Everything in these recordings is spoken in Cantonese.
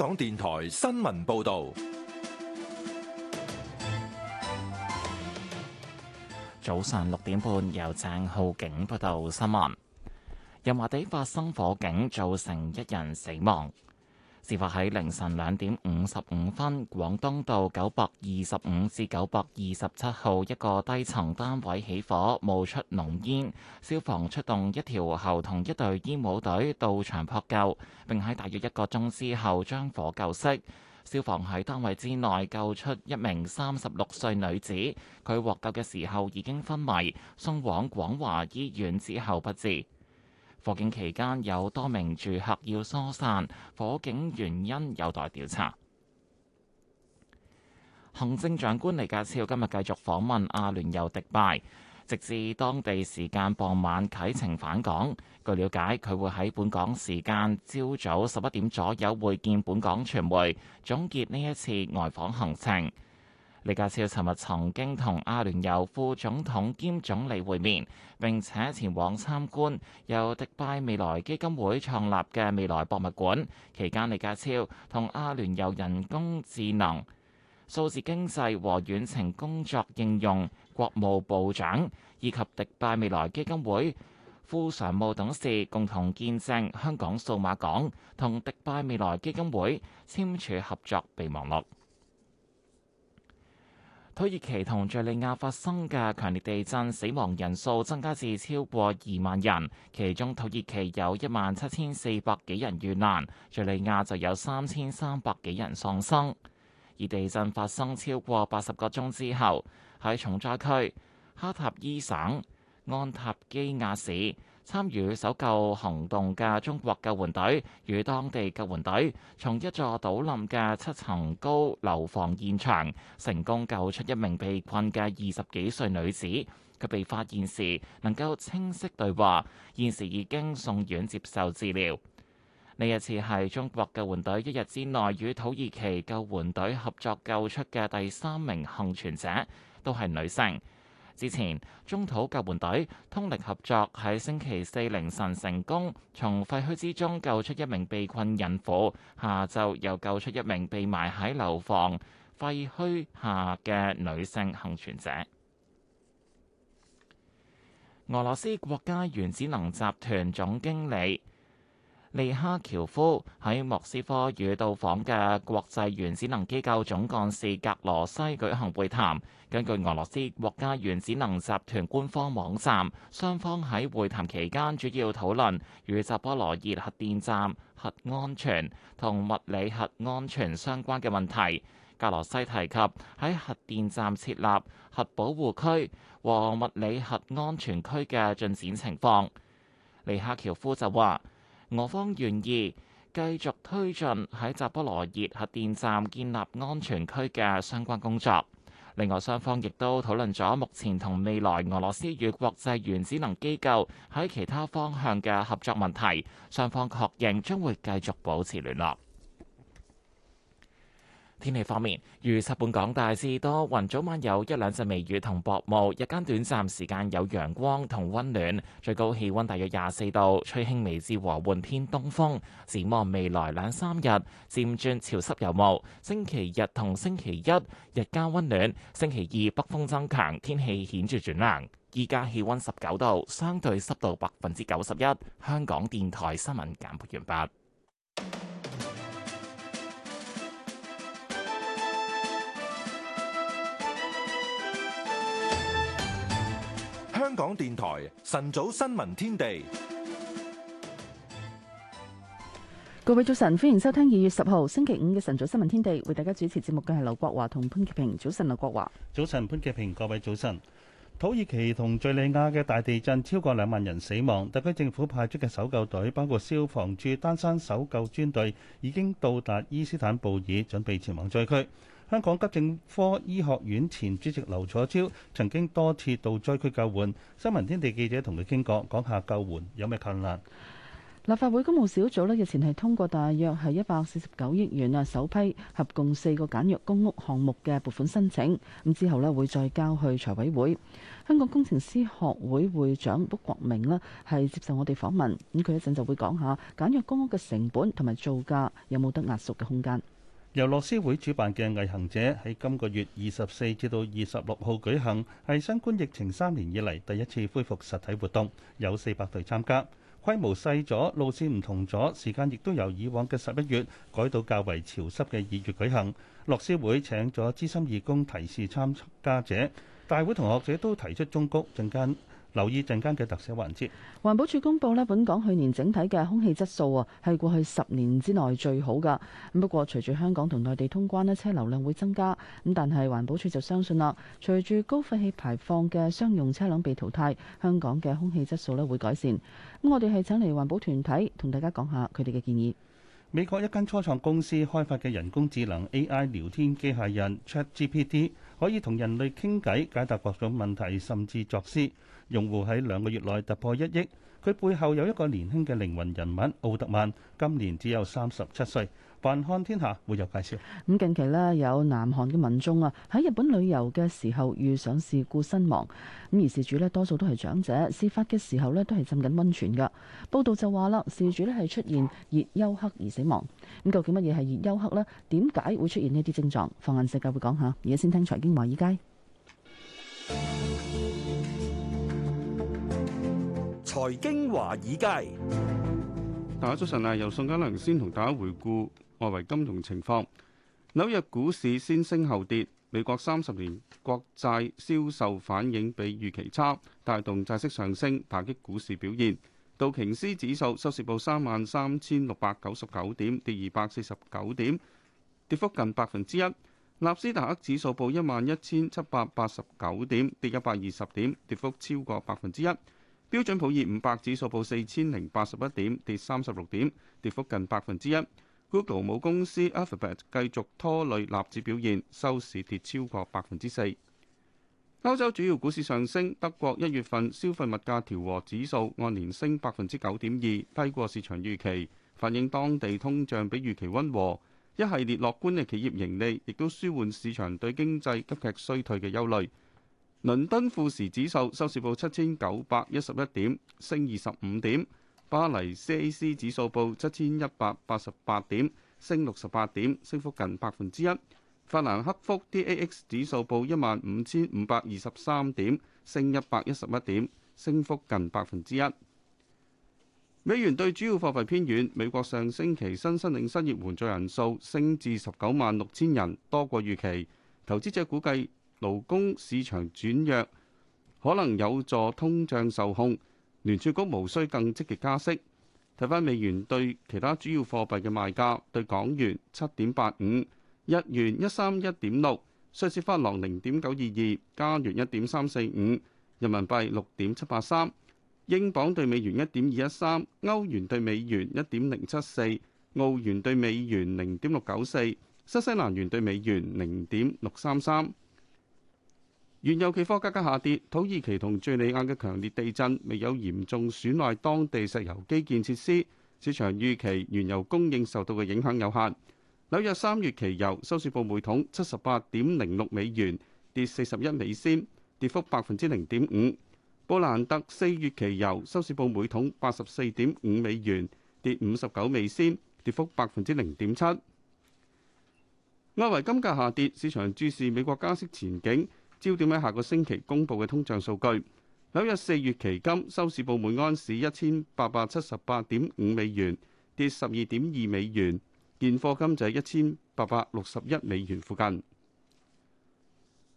港電台新聞報道：早上六點半，由鄭浩景報道新聞。油麻地發生火警，造成一人死亡。事發喺凌晨兩點五十五分，廣東道九百二十五至九百二十七號一個低層單位起火，冒出濃煙。消防出動一條喉同一隊煙霧隊到場撲救，並喺大約一個鐘之後將火救熄。消防喺單位之內救出一名三十六歲女子，佢獲救嘅時候已經昏迷，送往廣華醫院之後不治。火警期間有多名住客要疏散，火警原因有待調查。行政長官李家超今日繼續訪問阿聯酋迪拜，直至當地時間傍晚啟程返港。據了解，佢會喺本港時間朝早十一點左右會見本港傳媒，總結呢一次外訪行程。李家超尋日曾經同阿聯酋副總統兼總理會面，並且前往參觀由迪拜未來基金會創立嘅未來博物館。期間，李家超同阿聯酋人工智能、數字經濟和遠程工作應用國務部長以及迪拜未來基金會副常務董事共同見證香港數碼港同迪拜未來基金會簽署合作備忘錄。土耳其同敘利亞發生嘅強烈地震，死亡人數增加至超過二萬人，其中土耳其有一萬七千四百幾人遇難，敘利亞就有三千三百幾人喪生。而地震發生超過八十個鐘之後，喺重災區哈塔伊省安塔基亞市，參與搜救行動嘅中國救援隊與當地救援隊，從一座倒冧嘅七層高樓房現場成功救出一名被困嘅二十幾歲女子。佢被發現時能夠清晰對話，現時已經送院接受治療。呢一次係中國救援隊一日之內與土耳其救援隊合作救出嘅第三名幸存者，都係女性。之前，中土救援隊通力合作，喺星期四凌晨成功從廢墟之中救出一名被困孕婦，下晝又救出一名被埋喺樓房廢墟下嘅女性幸存者。俄羅斯國家原子能集團總經理利哈喬夫喺莫斯科與到訪嘅國際原子能機構總幹事格羅西舉行會談。根據俄羅斯國家原子能集團官方網站，雙方喺會談期間主要討論與扎波羅熱核電站核安全同物理核安全相關嘅問題。格羅西提及喺核電站設立核保護區和物理核安全區嘅進展情況。利哈喬夫就話。俄方願意繼續推進喺扎波羅熱核電站建立安全區嘅相關工作。另外，雙方亦都討論咗目前同未來俄羅斯與國際原子能機構喺其他方向嘅合作問題。雙方確認將會繼續保持聯絡。天氣方面，預測本港大致多雲，早晚有一兩陣微雨同薄霧，日間短暫時間有陽光同温暖，最高氣溫大約廿四度，吹輕微至和緩偏東風。展望未來兩三日，漸轉潮濕有霧。星期日同星期一，日間溫暖，星期二北風增強，天氣顯著轉冷。依家氣溫十九度，相對濕度百分之九十一。香港電台新聞簡報完畢。香港電台晨早新聞天地，各位早晨，歡迎收聽二月十號星期五嘅晨早新聞天地，為大家主持節目嘅係劉國華同潘潔平。早晨，劉國華，早晨，潘潔平，各位早晨。土耳其同叙利亞嘅大地震超過兩萬人死亡，特區政府派出嘅搜救隊包括消防處丹山搜救專隊，已經到達伊斯坦布爾，準備前往災區。香港急症科醫學院前主席劉楚超曾經多次到災區救援，新聞天地記者同佢傾過，講下救援有咩困難。立法會公務小組咧，日前係通過大約係一百四十九億元啊，首批合共四個簡約公屋項目嘅撥款申請。咁之後咧，會再交去財委會。香港工程師學會會長卜國明咧，係接受我哋訪問，咁佢一陣就會講下簡約公屋嘅成本同埋造價有冇得壓縮嘅空間。由樂施會主辦嘅毅行者喺今個月二十四至到二十六號舉行，係新冠疫情三年以嚟第一次恢復實體活動，有四百隊參加，規模細咗，路線唔同咗，時間亦都由以往嘅十一月改到較為潮濕嘅二月舉行。樂施會請咗資深義工提示參加者，大會同學者都提出中谷陣間。留意陣間嘅特寫環節。環保署公布咧，本港去年整體嘅空氣質素係過去十年之內最好噶。咁不過，隨住香港同內地通關咧，車流量會增加咁，但係環保署就相信啦，隨住高廢氣排放嘅商用車輛被淘汰，香港嘅空氣質素咧會改善。咁我哋係請嚟環保團體同大家講下佢哋嘅建議。美國一間初創公司開發嘅人工智能 AI 聊天機械人 ChatGPT 可以同人類傾偈，解答各種問題，甚至作詩。用戶喺兩個月內突破一億，佢背後有一個年輕嘅靈魂人物奧特曼，今年只有三十七歲。凡看天下會有介紹。咁近期呢有南韓嘅民眾啊喺日本旅遊嘅時候遇上事故身亡，咁而事主呢多數都係長者，事發嘅時候呢都係浸緊溫泉㗎。報道就話啦，事主呢係出現熱休克而死亡。咁究竟乜嘢係熱休克呢？點解會出現呢啲症狀？放眼世界會講下。而家先聽財經華爾街。財經華爾街，大家早晨啊！由宋嘉良先同大家回顧外圍金融情況。紐約股市先升後跌，美國三十年國債銷售反應比預期差，帶動債息上升，打擊股市表現。道瓊斯指數收市報三萬三千六百九十九點，跌二百四十九點，跌幅近百分之一。納斯達克指數報一萬一千七百八十九點，跌一百二十點，跌幅超過百分之一。標準普爾五百指數報四千零八十一點，跌三十六點，跌幅近百分之一。Google 母公司 Alphabet 繼續拖累納指表現，收市跌超過百分之四。歐洲主要股市上升，德國一月份消費物價調和指數按年升百分之九點二，低過市場預期，反映當地通脹比預期溫和。一系列樂觀嘅企業盈利，亦都舒緩市場對經濟急劇衰退嘅憂慮。倫敦富時指數收市報七千九百一十一點，升二十五點；巴黎 CAC 指數報七千一百八十八點，升六十八點，升幅近百分之一；法蘭克福 DAX 指數報一萬五千五百二十三點，升一百一十一點，升幅近百分之一。美元兌主要貨幣偏軟。美國上星期新申領失業援助人數升至十九萬六千人，多過預期。投資者估計。勞工市場轉弱，可能有助通脹受控。聯儲局無需更積極加息。睇返美元對其他主要貨幣嘅賣價：對港元七點八五，日元一三一點六，瑞士法郎零點九二二，加元一點三四五，人民幣六點七八三，英鎊對美元一點二一三，歐元對美元一點零七四，澳元對美元零點六九四，新西蘭元對美元零點六三三。原油期貨價格下跌，土耳其同敘利亞嘅強烈地震未有嚴重損害當地石油基建設施，市場預期原油供應受到嘅影響有限。紐約三月期油收市報每桶七十八點零六美元，跌四十一美仙，跌幅百分之零點五。布蘭特四月期油收市報每桶八十四點五美元，跌五十九美仙，跌幅百分之零點七。外圍金價下跌，市場注視美國加息前景。焦點喺下個星期公布嘅通脹數據。紐約四月期金收市報每安市一千八百七十八點五美元，跌十二點二美元；現貨金就係一千八百六十一美元附近。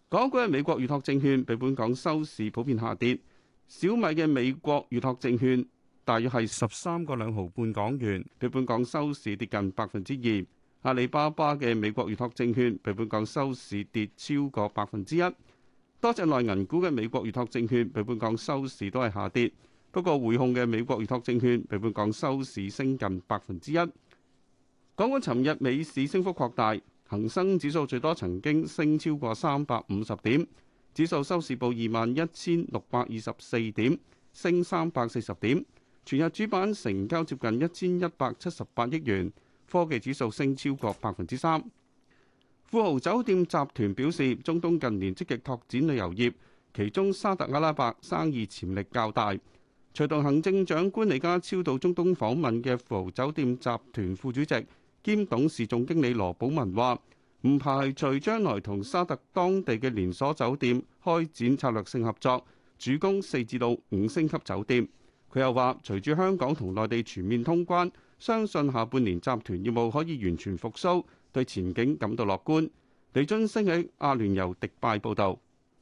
港股嘅美國預託證券被本港收市普遍下跌。小米嘅美國預託證券大約係十三個兩毫半港元，被本港收市跌近百分之二。阿里巴巴嘅美國預託證券被本港收市跌超過百分之一。多隻內銀股嘅美國預託證券比本港收市都係下跌，不過匯控嘅美國預託證券比本港收市升近百分之一。港股尋日美市升幅擴大，恒生指數最多曾經升超過三百五十點，指數收市報二萬一千六百二十四點，升三百四十點。全日主板成交接近一千一百七十八億元，科技指數升超過百分之三。富豪酒店集團表示，中東近年積極拓展旅遊業，其中沙特阿拉伯生意潛力較大。隨同行政長官李家超到中東訪問嘅富豪酒店集團副主席兼董事總經理羅寶文話唔排除將來同沙特當地嘅連鎖酒店開展策略性合作，主攻四至到五星級酒店。佢又話隨住香港同內地全面通關，相信下半年集團業務可以完全復甦。對前景感到樂觀。李津升喺阿聯酋迪拜報道。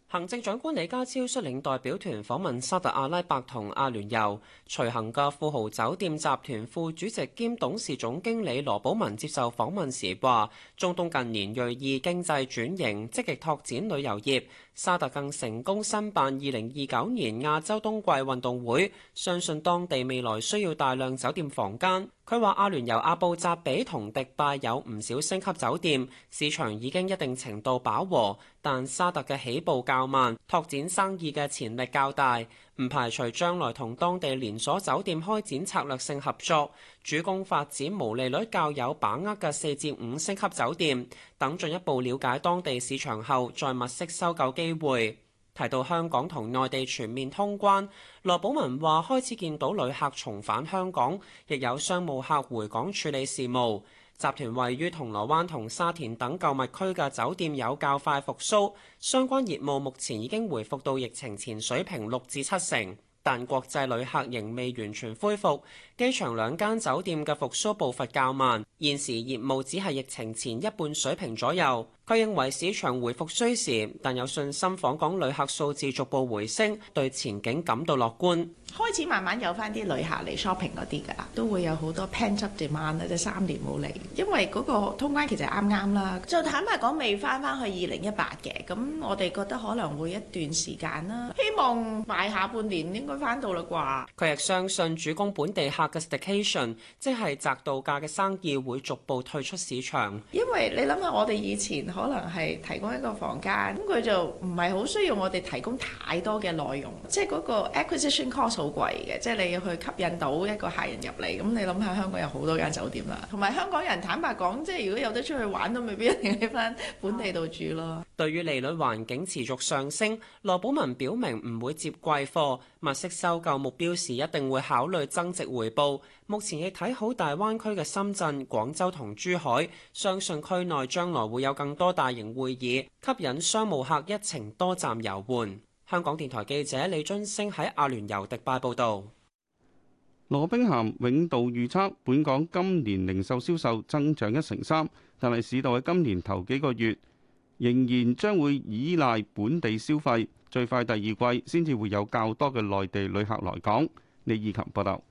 行政長官李家超率領代表團訪問沙特阿拉伯同阿聯酋。隨行嘅富豪酒店集團副主席兼董事總經理羅寶文接受訪問時話，中東近年鋭意經濟轉型，積極拓展旅遊業。沙特更成功申辦二零二九年亞洲冬季運動會，相信當地未來需要大量酒店房間。佢話阿聯酋阿布扎比同迪拜有唔少星級酒店，市場已經一定程度飽和，但沙特嘅起步較慢，拓展生意嘅潛力較大。唔排除將來同當地連鎖酒店開展策略性合作，主攻發展毛利率較有把握嘅四至五星級酒店。等進一步了解當地市場後，再物色收購機會。提到香港同內地全面通關，羅寶文話開始見到旅客重返香港，亦有商務客回港處理事務。集團位於銅鑼灣同沙田等購物區嘅酒店有較快復甦，相關業務目前已經回復到疫情前水平六至七成，但國際旅客仍未完全恢復。機場兩間酒店嘅復甦步伐較慢，現時業務只係疫情前一半水平左右。佢認為市場回復需時，但有信心訪港旅客數字逐步回升，對前景感到樂觀。開始慢慢有返啲旅客嚟 shopping 嗰啲㗎啦，都會有好多 pent up demand 啦，即三年冇嚟，因為嗰個通關其實啱啱啦。就坦白講，未返返去二零一八嘅，咁我哋覺得可能會一段時間啦。希望下下半年應該返到啦啩。佢亦相信主攻本地客。個即係宅度假嘅生意會逐步退出市場，因為你諗下，我哋以前可能係提供一個房間，咁佢就唔係好需要我哋提供太多嘅內容，即係嗰個 acquisition cost 好貴嘅，即係你要去吸引到一個客人入嚟。咁你諗下，香港有好多間酒店啦，同埋香港人坦白講，即係如果有得出去玩，都未必一定喺翻本地度住咯。對於利率環境持續上升，羅寶文表明唔會接貴貨。物色收購目標時一定會考慮增值回報。目前亦睇好大灣區嘅深圳、廣州同珠海，相信區內將來會有更多大型會議，吸引商務客一程多站遊玩。香港電台記者李津星喺阿聯酋迪拜報導。羅兵咸永道預測，本港今年零售銷售增長一成三，但係市道喺今年頭幾個月仍然將會依賴本地消費。最快第二季先至會有較多嘅內地旅客來港。李意琴報道。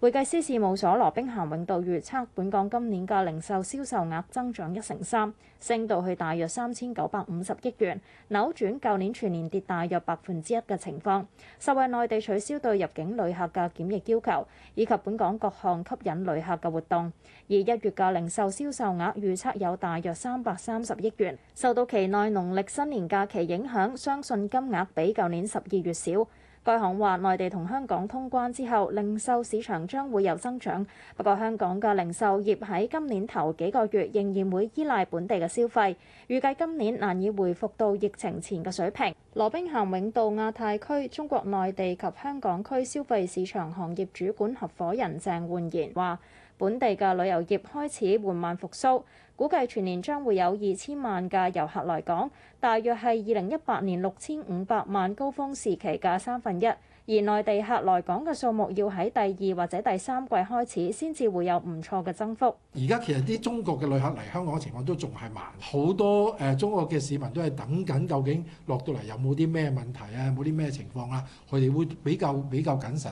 會計師事務所羅兵咸永道預測本港今年嘅零售銷售額增長一成三，升到去大約三千九百五十億元，扭轉舊年全年跌大約百分之一嘅情況，受惠內地取消對入境旅客嘅檢疫要求，以及本港各項吸引旅客嘅活動，而一月嘅零售銷售額預測有大約三百三十億元，受到期內農曆新年假期影響，相信金額比舊年十二月少。該行話，內地同香港通關之後，零售市場將會有增長。不過，香港嘅零售業喺今年頭幾個月仍然會依賴本地嘅消費，預計今年難以回復到疫情前嘅水平。羅兵咸永道亞太區中國內地及香港區消費市場行業主管合伙人鄭煥賢話，本地嘅旅遊業開始緩慢復甦。估計全年將會有二千萬嘅遊客來港，大約係二零一八年六千五百萬高峰時期嘅三分一。而內地客來港嘅數目要喺第二或者第三季開始先至會有唔錯嘅增幅。而家其實啲中國嘅旅客嚟香港嘅情況都仲係慢，好多誒中國嘅市民都係等緊究竟落到嚟有冇啲咩問題啊，冇啲咩情況啊，佢哋會比較比較謹慎。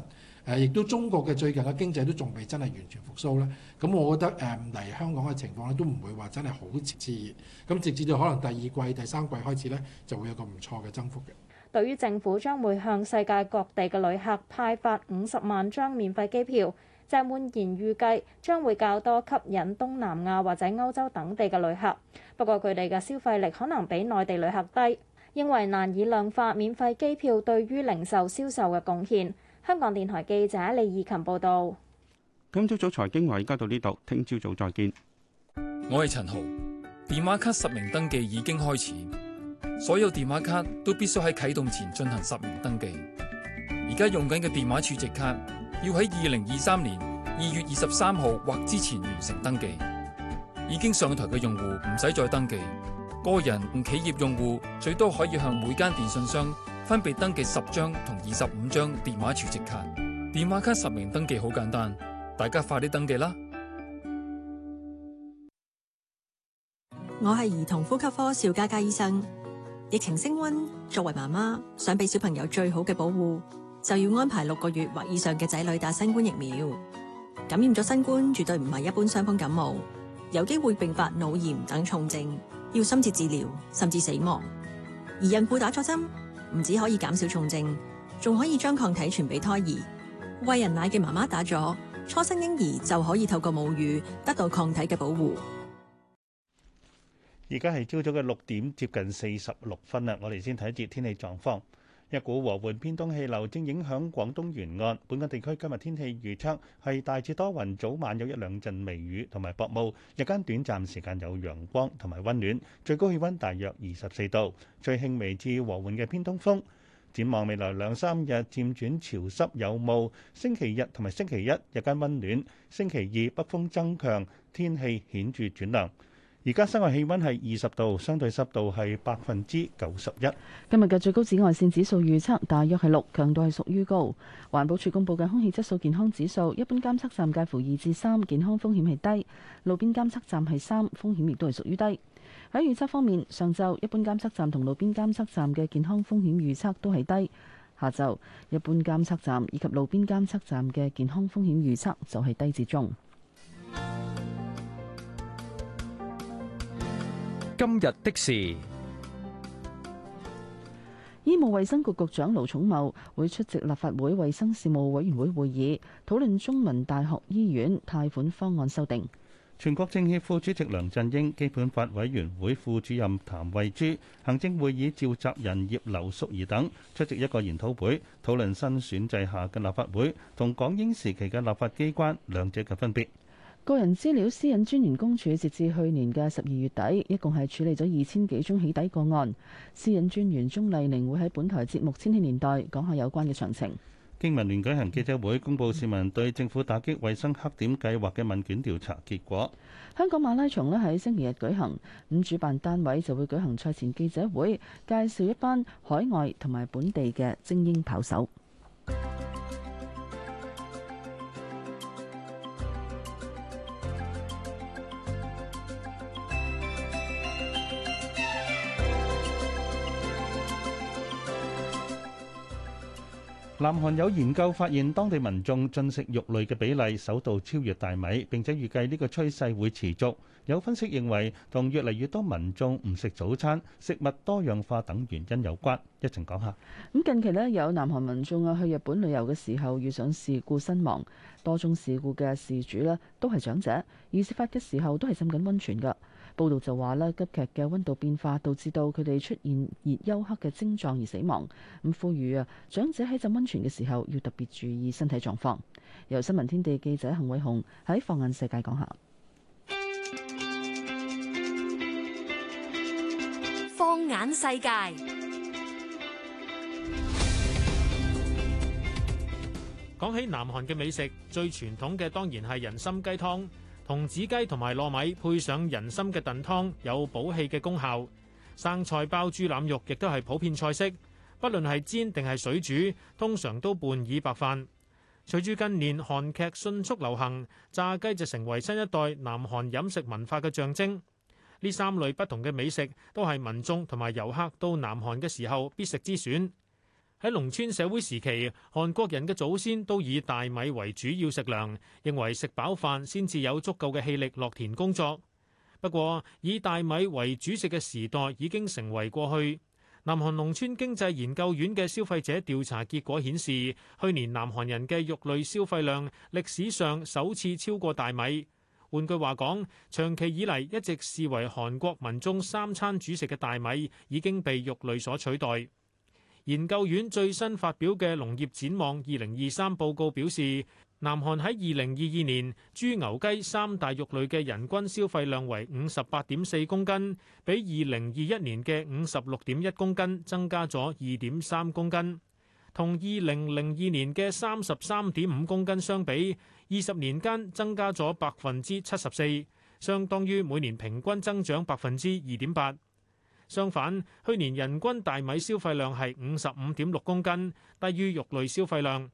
誒，亦都中國嘅最近嘅經濟都仲未真係完全復甦啦。咁我覺得誒嚟香港嘅情況咧都唔會話真係好熾熱，咁直至到可能第二季、第三季開始咧就會有個唔錯嘅增幅嘅。對於政府將會向世界各地嘅旅客派發五十萬張免費機票，鄭滿賢預計將會較多吸引東南亞或者歐洲等地嘅旅客。不過佢哋嘅消費力可能比內地旅客低，認為難以量化免費機票對於零售銷售嘅貢獻。香港電台記者李怡琴報道。今朝早財經話，而家到呢度，聽朝早再見。我係陳豪。電話卡實名登記已經開始，所有電話卡都必須喺啟動前進行實名登記。而家用緊嘅電話儲值卡要喺二零二三年二月二十三號或之前完成登記。已經上台嘅用戶唔使再登記。個人同企業用戶最多可以向每間電信商。分別登記十張同二十五張電話儲值卡。電話卡實名登記好簡單，大家快啲登記啦！我係兒童呼吸科邵嘉嘉醫生。疫情升溫，作為媽媽想俾小朋友最好嘅保護，就要安排六個月或以上嘅仔女打新冠疫苗。感染咗新冠絕對唔係一般傷風感冒，有機會併發腦炎等重症，要深切治療甚至死亡。而孕婦打咗針。唔止可以減少重症，仲可以將抗體傳俾胎兒。喂人奶嘅媽媽打咗，初生嬰兒就可以透過母乳得到抗體嘅保護。而家係朝早嘅六點，接近四十六分啦，我哋先睇一節天氣狀況。一股和緩偏東氣流正影響廣東沿岸，本港地區今日天氣預測係大致多雲，早晚有一兩陣微雨同埋薄霧，日間短暫時間有陽光同埋温暖，最高氣温大約二十四度，最輕微至和緩嘅偏東風。展望未來兩三日漸轉潮濕有霧，星期日同埋星期一日間温暖，星期二北風增強，天氣顯著轉涼。而家室外氣溫係二十度，相對濕度係百分之九十一。今日嘅最高紫外線指數預測大約係六，強度係屬於高。環保署公布嘅空氣質素健康指數，一般監測站介乎二至三，健康風險係低；路邊監測站係三，風險亦都係屬於低。喺預測方面，上晝一般監測站同路邊監測站嘅健康風險預測都係低。下晝一般監測站以及路邊監測站嘅健康風險預測就係低至中。今日的事，醫務衛生局局長盧寵茂會出席立法會衛生事務委員會會議，討論中文大學醫院貸款方案修訂。全國政協副主席梁振英、基本法委員會副主任譚惠珠、行政會議召集人葉劉淑儀等出席一個研討會，討論新選制下嘅立法會同港英時期嘅立法機關兩者嘅分別。個人資料私隱專員公署截至去年嘅十二月底，一共係處理咗二千幾宗起底個案。私隱專員鍾麗玲會喺本台節目《千禧年代》講下有關嘅詳情。經民聯舉行記者會，公布市民對政府打擊衞生黑點計劃嘅問卷調查結果。香港馬拉松呢喺星期日舉行，咁主辦單位就會舉行賽前記者會，介紹一班海外同埋本地嘅精英跑手。南韓有研究發現，當地民眾進食肉類嘅比例首度超越大米，並且預計呢個趨勢會持續。有分析認為，同越嚟越多民眾唔食早餐、食物多樣化等原因有關。一陣講一下。咁近期咧，有南韓民眾啊去日本旅遊嘅時候遇上事故身亡，多宗事故嘅事主咧都係長者，而事發嘅時候都係浸緊温泉㗎。報道就話咧，急劇嘅溫度變化導致到佢哋出現熱休克嘅症狀而死亡。咁呼籲啊，長者喺浸溫泉嘅時候要特別注意身體狀況。由新聞天地記者幸偉雄喺放眼世界講下。放眼世界。講起南韓嘅美食，最傳統嘅當然係人參雞湯。童子雞同埋糯米配上人參嘅燉湯，有補氣嘅功效。生菜包豬腩肉亦都係普遍菜式，不論係煎定係水煮，通常都伴以白飯。隨住近年韓劇迅速流行，炸雞就成為新一代南韓飲食文化嘅象徵。呢三類不同嘅美食都係民眾同埋遊客到南韓嘅時候必食之選。喺農村社會時期，韓國人嘅祖先都以大米為主要食糧，認為食飽飯先至有足夠嘅氣力落田工作。不過，以大米為主食嘅時代已經成為過去。南韓農村經濟研究院嘅消費者調查結果顯示，去年南韓人嘅肉類消費量歷史上首次超過大米。換句話講，長期以嚟一直視為韓國民眾三餐主食嘅大米，已經被肉類所取代。研究院最新發表嘅《農業展望二零二三報告》表示，南韓喺二零二二年豬牛雞三大肉類嘅人均消費量為五十八點四公斤，比二零二一年嘅五十六點一公斤增加咗二點三公斤，同二零零二年嘅三十三點五公斤相比，二十年間增加咗百分之七十四，相當於每年平均增長百分之二點八。相反，去年人均大米消費量係五十五點六公斤，低於肉類消費量。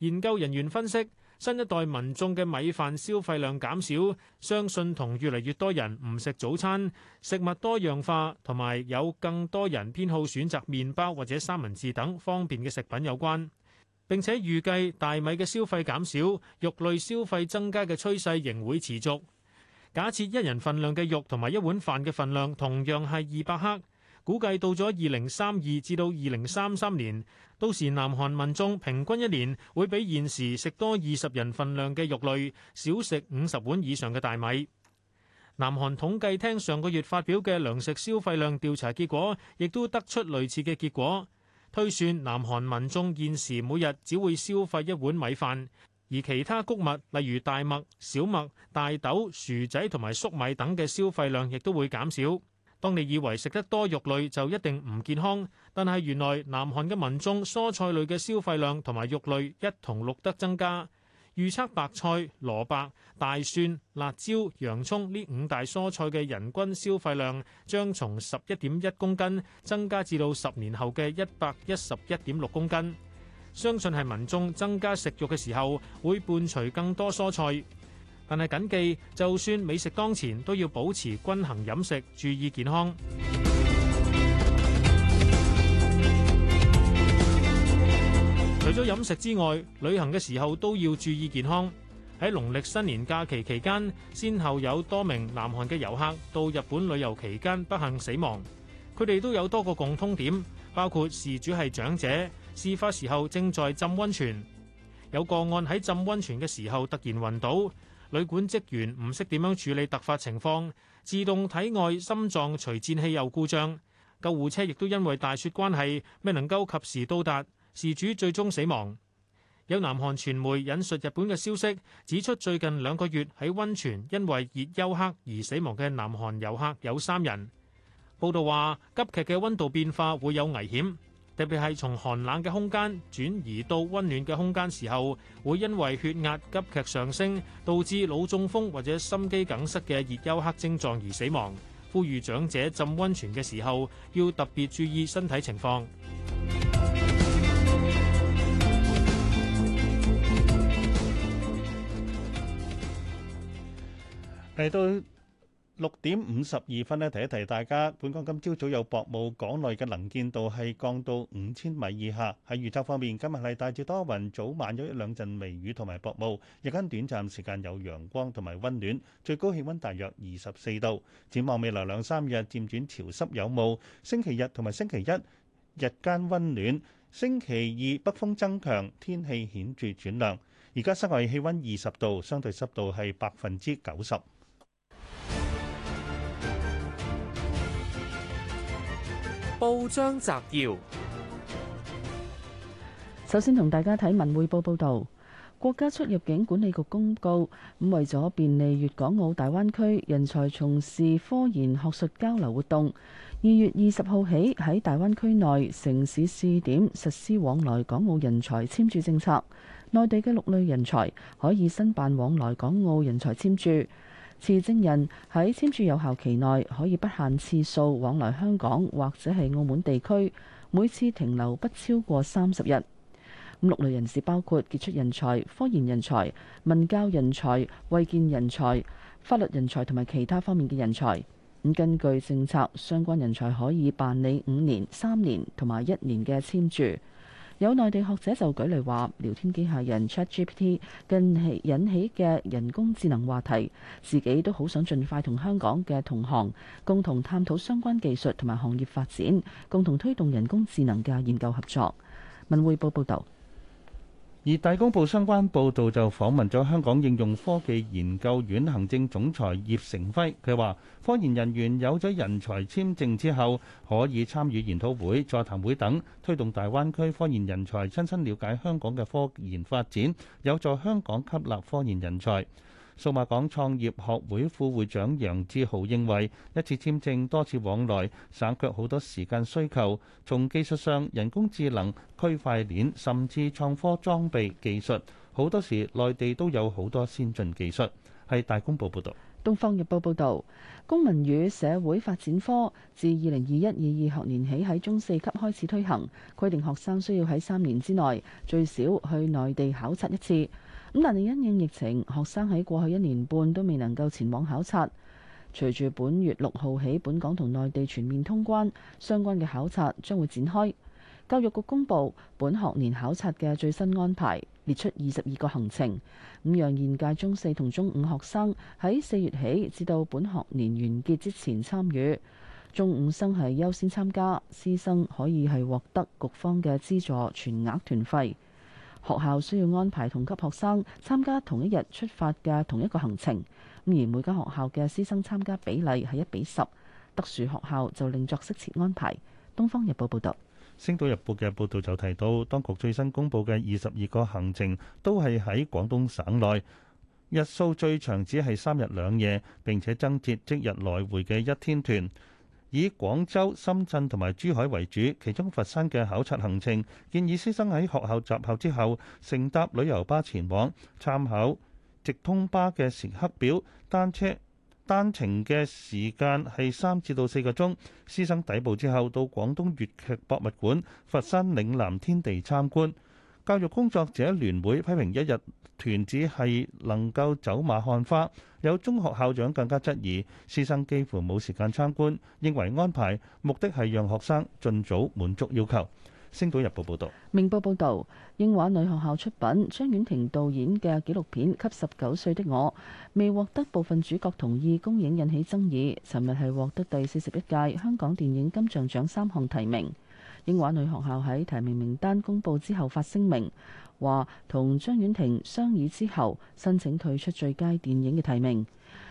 研究人員分析，新一代民眾嘅米飯消費量減少，相信同越嚟越多人唔食早餐、食物多樣化，同埋有更多人偏好選擇麵包或者三文治等方便嘅食品有關。並且預計大米嘅消費減少，肉類消費增加嘅趨勢仍會持續。假設一人份量嘅肉同埋一碗飯嘅份量同樣係二百克，估計到咗二零三二至到二零三三年，到時南韓民眾平均一年會比現時食多二十人份量嘅肉類，少食五十碗以上嘅大米。南韓統計廳上個月發表嘅糧食消費量調查結果，亦都得出類似嘅結果，推算南韓民眾現時每日只會消費一碗米飯。而其他穀物，例如大麥、小麥、大豆、薯仔同埋粟米等嘅消費量，亦都會減少。當你以為食得多肉類就一定唔健康，但係原來南韓嘅民眾蔬菜類嘅消費量同埋肉類一同錄得增加。預測白菜、蘿蔔、大蒜、辣椒、洋葱呢五大蔬菜嘅人均消費量將從十一點一公斤增加至到十年後嘅一百一十一點六公斤。相信係民眾增加食肉嘅時候，會伴隨更多蔬菜。但係謹記，就算美食當前，都要保持均衡飲食，注意健康。 除咗飲食之外，旅行嘅時候都要注意健康。喺農曆新年假期期間，先後有多名南韓嘅遊客到日本旅遊期間不幸死亡。佢哋都有多個共通點，包括事主係長者。事發時候正在浸温泉，有個案喺浸温泉嘅時候突然暈倒，旅館職員唔識點樣處理突發情況，自動體外心臟除顫器又故障，救護車亦都因為大雪關係未能夠及時到達，事主最終死亡。有南韓傳媒引述日本嘅消息，指出，最近兩個月喺温泉因為熱休克而死亡嘅南韓遊客有三人。報道話，急劇嘅温度變化會有危險。特別係從寒冷嘅空間轉移到温暖嘅空間時候，會因為血壓急劇上升，導致腦中風或者心肌梗塞嘅熱休克症狀而死亡。呼籲長者浸温泉嘅時候，要特別注意身體情況。嚟到。 六點五十二分呢，提一提大家。本港今朝早有薄霧，港內嘅能見度係降到五千米以下。喺預測方面，今日係大致多雲，早晚有一兩陣微雨同埋薄霧。日間短暫時間有陽光同埋温暖，最高氣温大約二十四度。展望未來兩三日漸轉潮濕有霧。星期日同埋星期一，日間温暖。星期二北風增強，天氣顯著轉涼。而家室外氣温二十度，相對濕度係百分之九十。報章摘要：首先同大家睇文匯報報道，國家出入境管理局公告，咁為咗便利粵港澳大灣區人才從事科研學術交流活動，二月二十號起喺大灣區內城市試點實施往來港澳人才簽注政策，內地嘅六類人才可以申辦往來港澳人才簽注。持證人喺簽注有效期內可以不限次數往來香港或者係澳門地區，每次停留不超過三十日。咁六類人士包括傑出人才、科研人才、文教人才、衞健人才、法律人才同埋其他方面嘅人才。咁根據政策，相關人才可以辦理五年、三年同埋一年嘅簽注。有內地學者就舉例話，聊天機械人 ChatGPT 近期引起嘅人工智能話題，自己都好想盡快同香港嘅同行共同探討相關技術同埋行業發展，共同推動人工智能嘅研究合作。文匯報報導。而大公報相關報導就訪問咗香港應用科技研究院行政總裁葉成輝，佢話：科研人員有咗人才簽證之後，可以參與研討會、座談會等，推動大灣區科研人才親身了解香港嘅科研發展，有助香港吸納科研人才。數碼港創業學會副會長楊志豪認為，一次簽證，多次往來，省卻好多時間需求。從技術上，人工智能、區塊鏈，甚至創科裝備技術，好多時內地都有好多先進技術。係大公報報導，《東方日報》報導，公民與社會發展科自二零二一二二學年起喺中四級開始推行，規定學生需要喺三年之內最少去內地考察一次。咁但因應疫情，學生喺過去一年半都未能夠前往考察。隨住本月六號起，本港同內地全面通關，相關嘅考察將會展開。教育局公布本學年考察嘅最新安排，列出二十二個行程，咁讓現屆中四同中五學生喺四月起至到本學年完結之前參與。中五生係優先參加，師生可以係獲得局方嘅資助，全額團費。學校需要安排同級學生參加同一日出發嘅同一個行程，而每間學校嘅師生參加比例係一比十。特殊學校就另作適切安排。《東方日報》報導，《星島日報》嘅報導就提到，當局最新公布嘅二十二個行程都係喺廣東省內，日數最長只係三日兩夜，並且增設即日來回嘅一天團。以廣州、深圳同埋珠海為主，其中佛山嘅考察行程建議師生喺學校集合之後乘搭旅遊巴前往參考直通巴嘅時刻表，單車單程嘅時間係三至到四個鐘，師生抵埗之後到廣東粵劇博物館、佛山嶺南天地參觀。教育工作者聯會批評一日。團子係能夠走馬看花，有中學校長更加質疑師生幾乎冇時間參觀，認為安排目的係讓學生盡早滿足要求。星島日報報道：「明報報道，英華女學校出品張婉婷導演嘅紀錄片《給十九歲的我》，未獲得部分主角同意公映引起爭議。尋日係獲得第四十一屆香港電影金像獎三項提名。英華女學校喺提名名單公布之後發聲明。話同張婉婷商議之後，申請退出最佳電影嘅提名。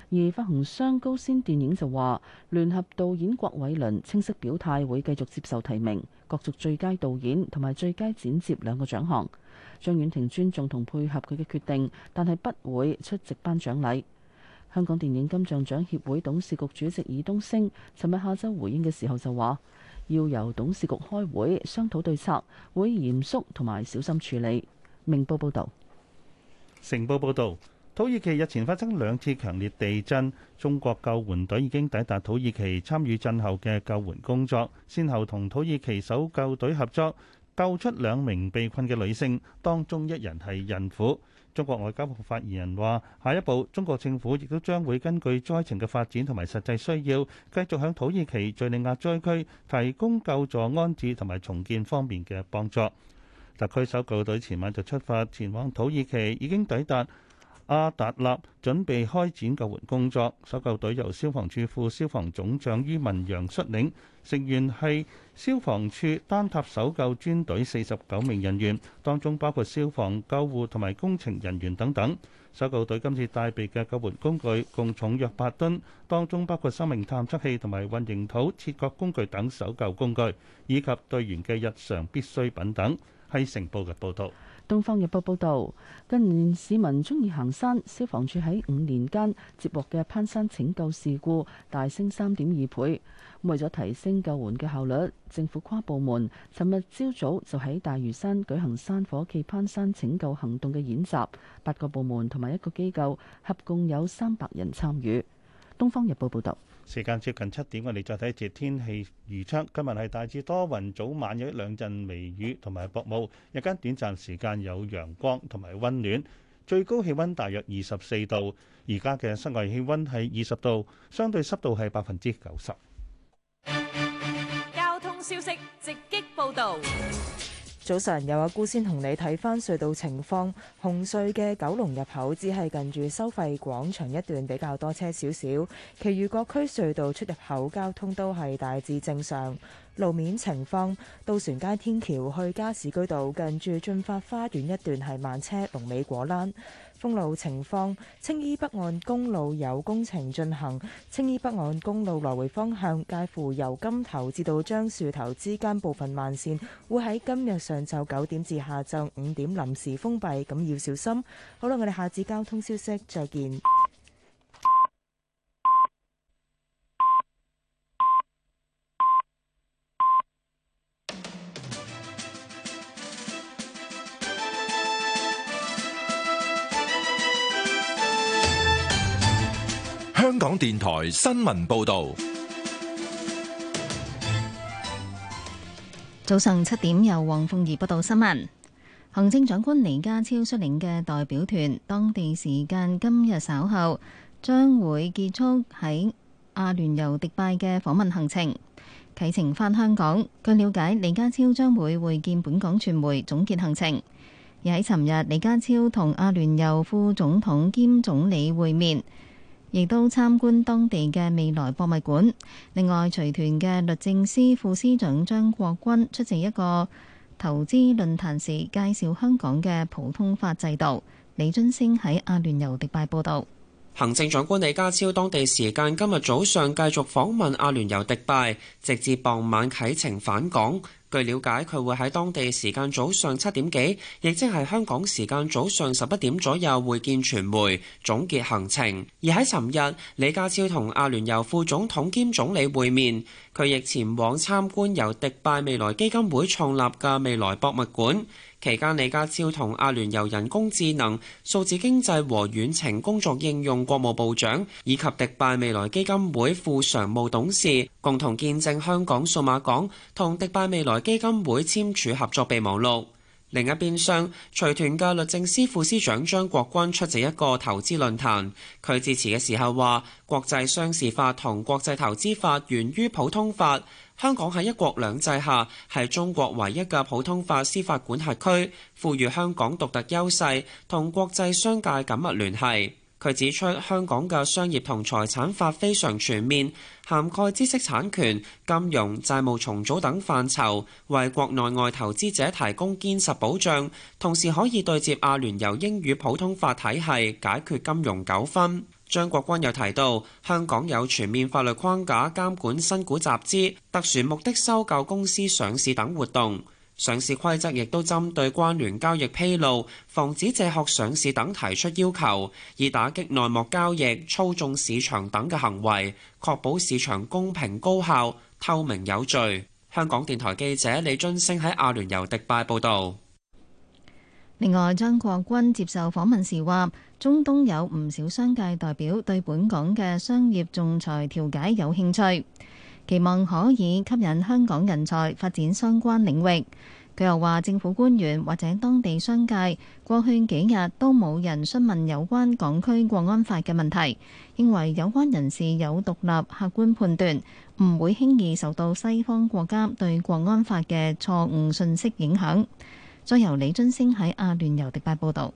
而發行商高先電影就話，聯合導演郭偉倫清晰表態會繼續接受提名，角逐最佳導演同埋最佳剪接兩個獎項。張婉婷尊重同配合佢嘅決定，但係不會出席頒獎禮。香港電影金像獎協會董事局主席爾冬升，尋日下晝回應嘅時候就話，要由董事局開會商討對策，會嚴肅同埋小心處理。明報報道，成報報道：土耳其日前發生兩次強烈地震，中國救援隊已經抵達土耳其參與震後嘅救援工作，先後同土耳其搜救隊合作救出兩名被困嘅女性，當中一人係孕婦。中國外交部發言人話：下一步，中國政府亦都將會根據災情嘅發展同埋實際需要，繼續向土耳其敘利亞災區提供救助、安置同埋重建方面嘅幫助。特區搜救隊前晚就出發前往土耳其，已經抵達阿達納，準備開展救援工作。搜救隊由消防處副消防總長于文陽率領，成員係消防處坍塌搜救專隊四十九名人員，當中包括消防救護同埋工程人員等等。搜救隊今次帶備嘅救援工具共重約八噸，當中包括生命探測器同埋混凝土切割工具等搜救工具，以及隊員嘅日常必需品等。係《城報》嘅報道，《東方日報》報道，近年市民中意行山，消防處喺五年間接獲嘅攀山拯救事故大升三點二倍。咁為咗提升救援嘅效率，政府跨部門尋日朝早就喺大嶼山舉行山火器攀山拯救行動嘅演習，八個部門同埋一個機構合共有三百人參與。《東方日報》報道。時間接近七點，我哋再睇一節天氣預測。今日係大致多雲，早晚有一兩陣微雨同埋薄霧，日間短暫時間有陽光同埋溫暖，最高氣溫大約二十四度。而家嘅室外氣溫係二十度，相對濕度係百分之九十。交通消息直擊報導。早晨，有阿姑先同你睇返隧道情況。紅隧嘅九龍入口只係近住收費廣場一段比較多車少少，其餘各區隧道出入口交通都係大致正常。路面情況，渡船街天橋去加士居道近住駿發花園一段係慢車，龍尾果欄。封路情況，青衣北岸公路有工程進行，青衣北岸公路來回方向介乎由金頭至到樟樹頭之間部分慢線會喺今日上晝九點至下晝五點臨時封閉，咁要小心。好啦，我哋下次交通消息再見。香港電台新聞報道，早上七點由黃鳳儀報道新聞。行政長官李家超率領嘅代表團，當地時間今日稍後將會結束喺阿聯酋迪拜嘅訪問行程，啟程翻香港。據了解，李家超將會會見本港傳媒總結行程。而喺尋日，李家超同阿聯酋副總統兼總理會面。亦都參觀當地嘅未來博物館。另外，隨團嘅律政司副司長張國鈞出席一個投資論壇時，介紹香港嘅普通法制度。李津星喺阿聯酋迪拜報道。行政長官李家超當地時間今日早上繼續訪問阿聯酋迪拜，直至傍晚啟程返港。據了解，佢會喺當地時間早上七點幾，亦即係香港時間早上十一點左右會見傳媒，總結行程。而喺尋日，李家超同阿聯酋副總統兼總理會面，佢亦前往參觀由迪拜未來基金會創立嘅未來博物館。期間，李家超同阿聯酋人工智能、數字經濟和遠程工作應用國務部長，以及迪拜未來基金會副常務董事共同見證香港數碼港同迪拜未來基金會簽署合作備忘錄。另一邊上，隨團嘅律政司副司長張國軍出席一個投資論壇。佢致辭嘅時候話：國際商事法同國際投資法源於普通法。香港喺一國兩制下，係中國唯一嘅普通法司法管轄區，賦予香港獨特優勢，同國際商界緊密聯繫。佢指出，香港嘅商業同財產法非常全面，涵蓋知識產權、金融、債務重組等範疇，為國內外投資者提供堅實保障，同時可以對接阿聯酋英語普通法體系，解決金融糾紛。張國軍又提到，香港有全面法律框架監管新股集資、特殊目的收購公司上市等活動。上市規則亦都針對關聯交易披露、防止借殼上市等提出要求，以打擊內幕交易、操縱市場等嘅行為，確保市場公平、高效、透明、有序。香港電台記者李津升喺阿聯酋迪拜報導。另外，張國軍接受訪問時話，中東有唔少商界代表對本港嘅商業仲裁調解有興趣。期望可以吸引香港人才發展相關領域。佢又話政府官員或者當地商界過去幾日都冇人詢問有關港區國安法嘅問題，認為有關人士有獨立客觀判斷，唔會輕易受到西方國家對國安法嘅錯誤信息影響，再由李津升喺阿聯酋迪拜報道。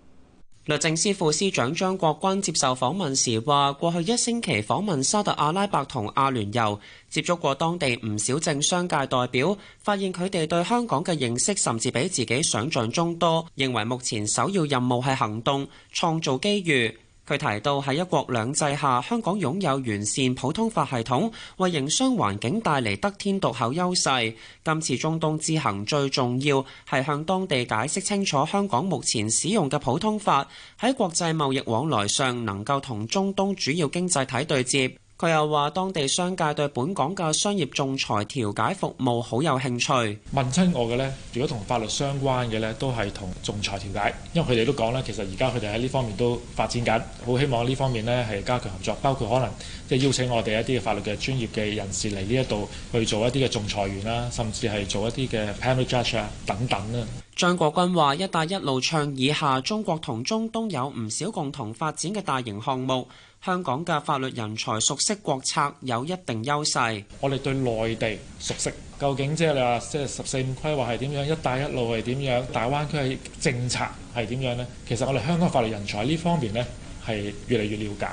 律政司副司長張國軍接受訪問時話，過去一星期訪問沙特阿拉伯同阿聯酋，接觸過當地唔少政商界代表，發現佢哋對香港嘅認識甚至比自己想象中多，認為目前首要任務係行動，創造機遇。佢提到喺一國兩制下，香港擁有完善普通法系統，為營商環境帶嚟得天獨厚優勢，今次中東之行最重要係向當地解釋清楚香港目前使用嘅普通法喺國際貿易往來上能夠同中東主要經濟體對接。佢又話：當地商界對本港嘅商業仲裁調解服務好有興趣。問親我嘅呢，如果同法律相關嘅呢，都係同仲裁調解，因為佢哋都講咧，其實而家佢哋喺呢方面都發展緊，好希望呢方面呢係加強合作，包括可能即係邀請我哋一啲嘅法律嘅專業嘅人士嚟呢一度去做一啲嘅仲裁員啦，甚至係做一啲嘅 panel judge 啊等等啦。張國軍話：一帶一路倡議下，中國同中東有唔少共同發展嘅大型項目。香港嘅法律人才熟悉國策，有一定優勢。我哋對內地熟悉，究竟即係你話即係十四五規劃係點樣？一帶一路係點樣？大灣區係政策係點樣呢？其實我哋香港法律人才呢方面呢，係越嚟越了解。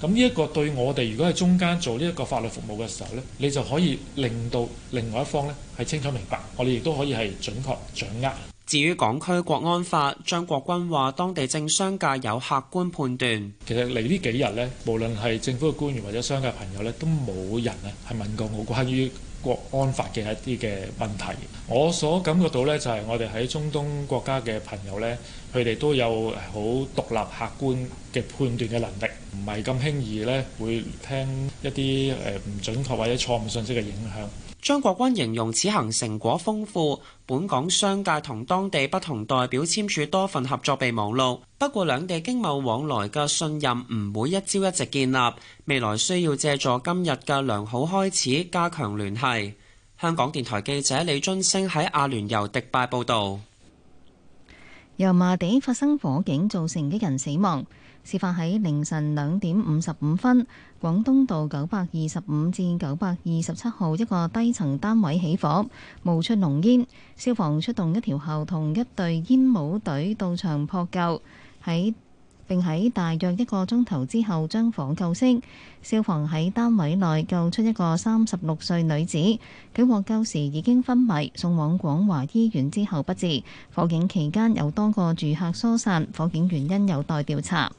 咁呢一個對我哋如果喺中間做呢一個法律服務嘅時候呢，你就可以令到另外一方呢係清楚明白，我哋亦都可以係準確掌握。至於港區國安法，張國軍話：當地政商界有客觀判斷。其實嚟呢幾日呢，無論係政府嘅官員或者商界朋友呢，都冇人咧係問過我關於國安法嘅一啲嘅問題。我所感覺到呢，就係我哋喺中東國家嘅朋友呢，佢哋都有好獨立客觀嘅判斷嘅能力，唔係咁輕易呢會聽一啲誒唔準確或者錯誤信息嘅影響。張國軍形容此行成果豐富，本港商界同當地不同代表簽署多份合作備忘錄。不過，兩地經貿往來嘅信任唔會一朝一夕建立，未來需要借助今日嘅良好開始加強聯繫。香港電台記者李津星喺阿聯酋迪拜報道。油麻地發生火警，造成一人死亡。事發喺凌晨兩點五十五分，廣東道九百二十五至九百二十七號一個低層單位起火，冒出濃煙。消防出動一條喉同一隊煙霧隊到場撲救，喺並喺大約一個鐘頭之後將火救熄。消防喺單位內救出一個三十六歲女子，佢獲救時已經昏迷，送往廣華醫院之後不治。火警期間有多個住客疏散，火警原因有待調查。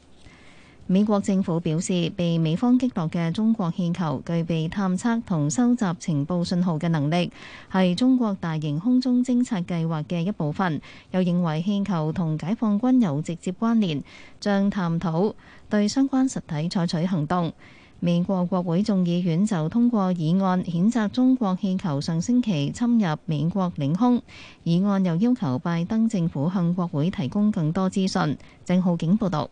美國政府表示，被美方擊落嘅中國氣球具備探測同收集情報信號嘅能力，係中國大型空中偵察計劃嘅一部分。又認為氣球同解放軍有直接關聯，將探討對相關實體採取行動。美國國會眾議院就通過議案，譴責中國氣球上星期侵入美國領空。議案又要求拜登政府向國會提供更多資訊。鄭浩景報導。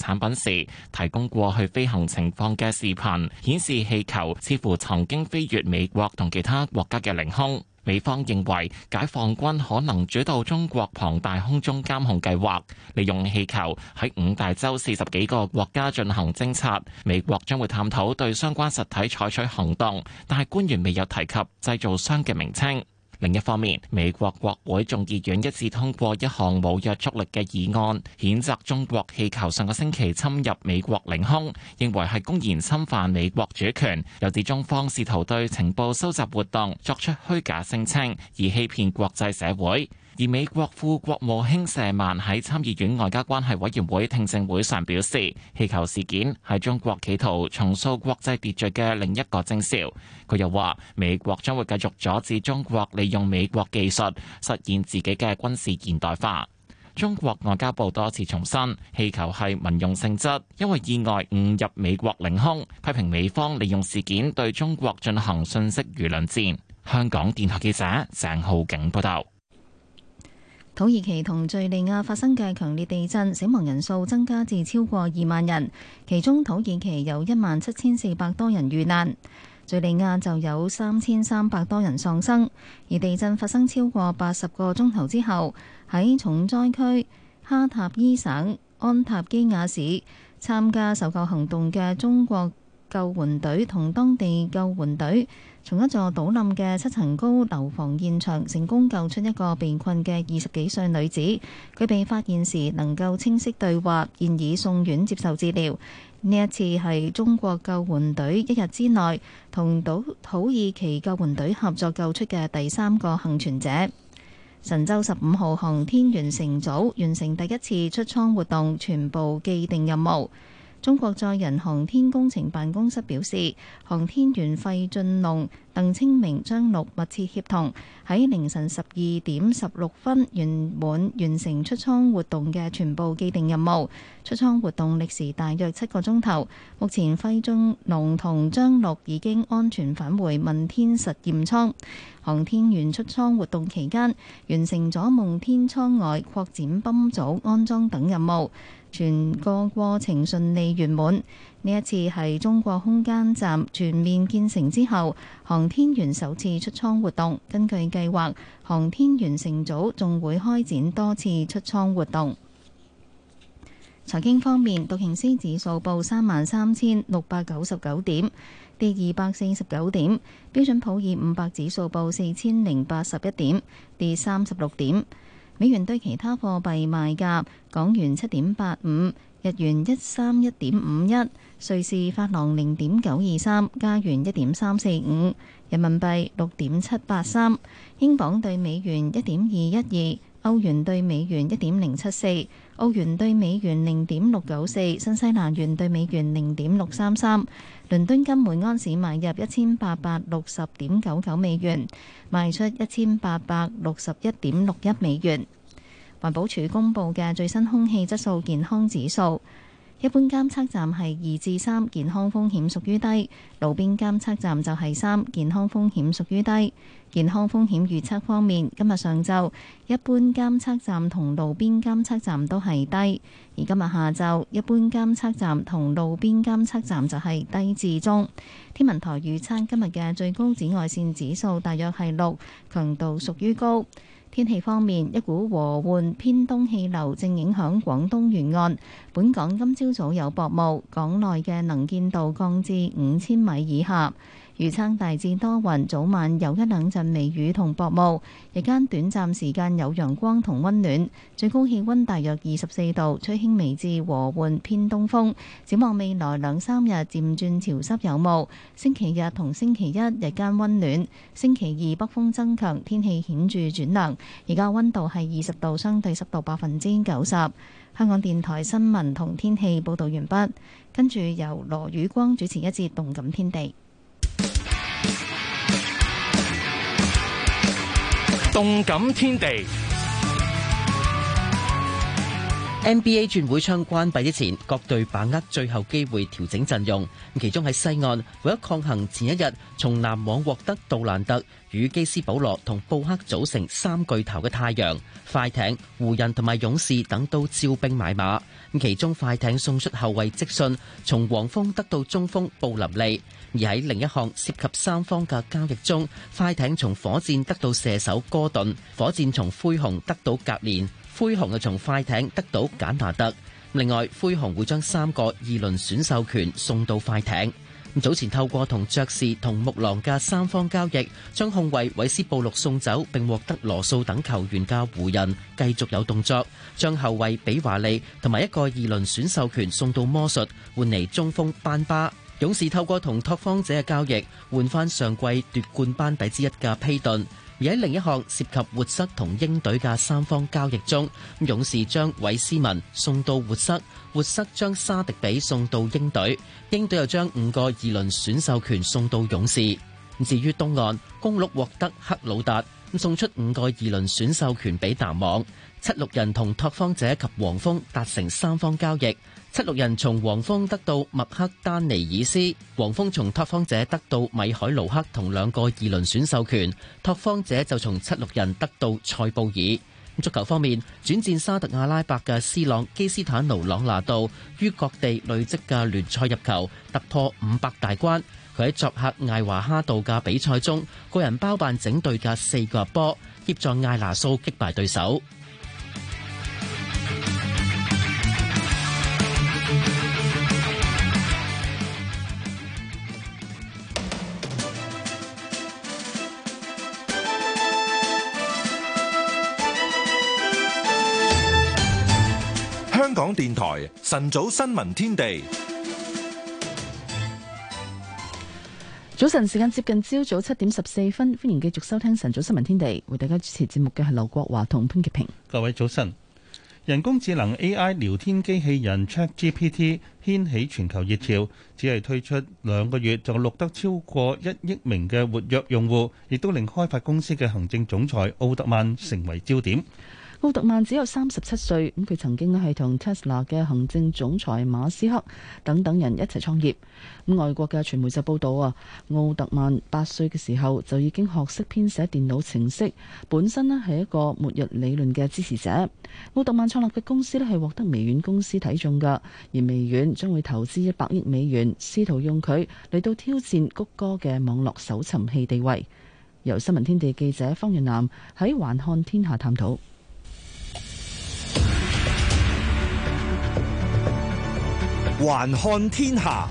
產品時，提供過去飛行情況嘅視頻顯示，氣球似乎曾經飛越美國同其他國家嘅領空。美方認為解放軍可能主導中國龐大空中監控計劃，利用氣球喺五大洲四十幾個國家進行偵察。美國將會探討對相關實體採取行動，但係官員未有提及製造商嘅名稱。另一方面，美國國會眾議院一致通過一項冇約束力嘅議案，譴責中國氣球上個星期侵入美國領空，認為係公然侵犯美國主權，又指中方試圖對情報收集活動作出虛假聲稱，而欺騙國際社會。而美國副國務卿舍曼喺參議院外交關係委員會聽證會上表示，氣球事件係中國企圖重塑國際秩序嘅另一個徵兆。佢又話，美國將會繼續阻止中國利用美國技術實現自己嘅軍事現代化。中國外交部多次重申，氣球係民用性質，因為意外誤入美國領空，批評美方利用事件對中國進行信息輿論戰，香港電台記者鄭浩景報道。土耳其同敘利亞發生嘅強烈地震，死亡人數增加至超過二萬人，其中土耳其有一萬七千四百多人遇難，敘利亞就有三千三百多人喪生。而地震發生超過八十個鐘頭之後，喺重災區哈塔伊省安塔基亞市，參加搜救行動嘅中國救援隊同當地救援隊從一座倒冧嘅七層高樓房現場成功救出一個被困嘅二十幾歲女子，佢被發現時能夠清晰對話，現已送院接受治療。呢一次係中國救援隊一日之內同土土耳其救援隊合作救出嘅第三個幸存者。神舟十五號航天員乘組完成第一次出艙活動，全部既定任務。中國載人航天工程辦公室表示，航天員費俊龍、鄧清明、張陸密切協同，喺凌晨十二點十六分完滿完成出艙活動嘅全部既定任務。出艙活動歷時大約七個鐘頭，目前費俊龍同張陸已經安全返回問天實驗艙。航天員出艙活動期間，完成咗夢天艙外擴展泵組安裝等任務，全個過程順利圓滿。呢一次係中國空間站全面建成之後，航天員首次出艙活動。根據計劃，航天員乘組仲會開展多次出艙活動。財經方面，道瓊斯指數報三萬三千六百九十九點。跌二百四十九點，標準普爾五百指數報四千零八十一點，跌三十六點。美元對其他貨幣賣價：港元七點八五，日元一三一點五一，瑞士法郎零點九二三，加元一點三四五，人民幣六點七八三，英鎊對美元一點二一二。歐元對美元一點零七四，澳元對美元零點六九四，新西蘭元對美元零點六三三，倫敦金每安士買入一千八百六十點九九美元，賣出一千八百六十一點六一美元。環保署公布嘅最新空氣質素健康指數，一般監測站係二至三，健康風險屬於低；路邊監測站就係三，健康風險屬於低。健康風險預測方面，今日上晝一般監測站同路邊監測站都係低，而今日下晝一般監測站同路邊監測站就係低至中。天文台預測今日嘅最高紫外線指數大約係六，強度屬於高。天氣方面，一股和緩偏東氣流正影響廣東沿岸，本港今朝早，早有薄霧，港內嘅能見度降至五千米以下。預測大致多雲，早晚有一兩陣微雨同薄霧，日間短暫時間有陽光同温暖，最高氣温大約二十四度，吹輕微至和緩偏東風。展望未來兩三日漸轉潮濕有霧，星期日同星期一日間温暖，星期二北風增強，天氣顯著轉冷。而家温度係二十度，相對濕度百分之九十。香港電台新聞同天氣報導完畢，跟住由羅宇光主持一節《動感天地》。動感天地。NBA 轉會窗關閉之前，各隊把握最後機會調整陣容。咁，其中喺西岸為咗抗衡前一日從籃網獲得杜蘭特、與基斯保羅同布克組成三巨頭嘅太陽、快艇、湖人同埋勇士等都招兵買馬。咁，其中快艇送出後衛積臣，從黃蜂得到中鋒布林利。而喺另一項涉及三方嘅交易中，快艇從火箭得到射手哥頓，火箭從灰熊得到格連，灰熊又從快艇得到簡納德。另外，灰熊會將三個二輪選秀權送到快艇。咁，早前透過同爵士同木狼嘅三方交易，將控衞韋斯布魯送走，並獲得羅素等球員嘅湖人繼續有動作，將後衛比華利同埋一個二輪選秀權送到魔術，換嚟中鋒班巴。勇士透過同拓荒者嘅交易換翻上季奪冠班底之一嘅披頓，而喺另一項涉及活塞同鷹隊嘅三方交易中，勇士將韋斯文送到活塞，活塞將沙迪比送到鷹隊，鷹隊又將五個二輪選秀權送到勇士。至於東岸，公鹿獲得克魯達，送出五個二輪選秀權俾籃網，七六人同拓荒者及黃蜂達成三方交易。七六人從黃蜂得到麥克丹尼爾斯，黃蜂從拓荒者得到米海盧克同兩個二輪選秀權，拓荒者就從七六人得到塞布爾。足球方面，轉戰沙特阿拉伯嘅斯朗基斯坦奴朗拿度於各地累積嘅聯賽入球突破五百大關，佢喺作客艾華哈度嘅比賽中個人包辦整隊嘅四個入波，協助艾拿蘇擊敗對手。港電台晨早新聞天地，早晨時間接近朝早七點十四分。歡迎繼續收聽晨早新聞天地，為大家主持節目嘅係劉國華同潘潔平。各位早晨！人工智能 AI 聊天機器人 ChatGPT 掀起全球熱潮，只係推出兩個月就錄得超過一億名嘅活躍用戶，亦都令開發公司嘅行政總裁奧特曼成為焦點。奧特曼只有三十七歲，咁佢曾經咧係同 Tesla 嘅行政總裁馬斯克等等人一齊創業。咁外國嘅傳媒就報道啊，奧特曼八歲嘅時候就已經學識編寫電腦程式，本身咧係一個末日理論嘅支持者。奧特曼創立嘅公司咧係獲得微軟公司睇中噶，而微軟將會投資一百億美元，試圖用佢嚟到挑戰谷歌嘅網絡搜尋器地位。由新聞天地記者方月南喺環看天下探討。還看天下，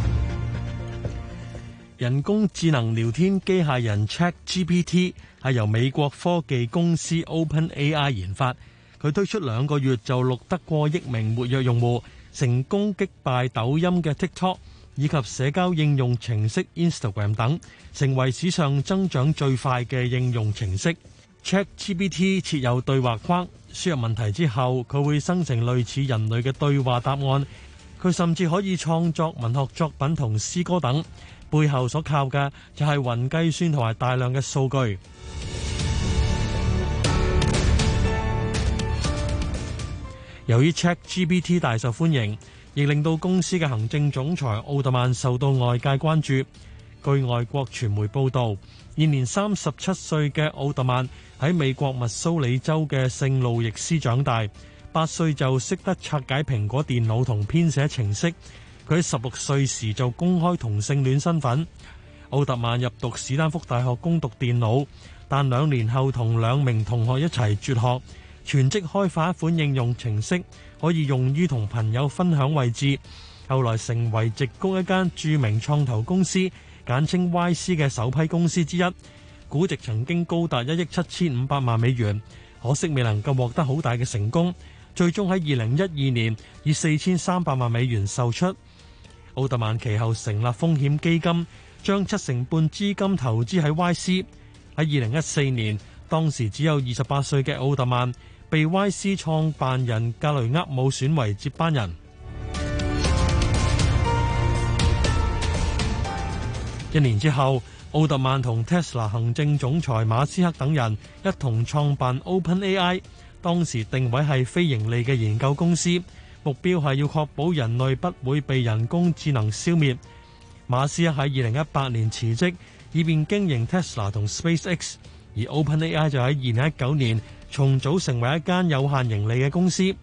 人工智能聊天機械人 ChatGPT 係由美國科技公司 OpenAI 研發。佢推出兩個月就錄得過億名活躍用戶，成功擊敗抖音嘅 TikTok 以及社交應用程式 Instagram 等，成為史上增長最快嘅應用程式。ChatGPT 設有對話框，輸入問題之後，佢會生成類似人類嘅對話答案。佢甚至可以創作文學作品同詩歌等，背後所靠嘅就係雲計算同埋大量嘅數據。 由於 ChatGPT 大受歡迎，亦令到公司嘅行政總裁奧特曼受到外界關注。據外國傳媒報導，現年三十七歲嘅奧特曼喺美國密蘇里州嘅聖路易斯長大。八歲就識得拆解蘋果電腦同編寫程式，佢喺十六歲時就公開同性戀身份。奧特曼入讀史丹福大學攻讀電腦，但兩年後同兩名同學一齊輟學，全職開發一款應用程式，可以用於同朋友分享位置。後來成為矽谷一間著名創投公司，簡稱 YC 嘅首批公司之一，估值曾經高達一億七千五百萬美元。可惜未能夠獲得好大嘅成功。最終喺二零一二年以四千三百萬美元售出。奧特曼其後成立風險基金，將七成半資金投資喺 YC。喺二零一四年，當時只有二十八歲嘅奧特曼被 YC 創辦人格雷厄姆選為接班人。一年之後，奧特曼同 Tesla 行政總裁馬斯克等人一同創辦 OpenAI。當時定位係非盈利嘅研究公司，目標係要確保人類不會被人工智能消滅。馬斯喺二零一八年辭職，以便經營 Tesla 同 SpaceX，而 OpenAI 就喺二零一九年重組成為一間有限盈利嘅公司。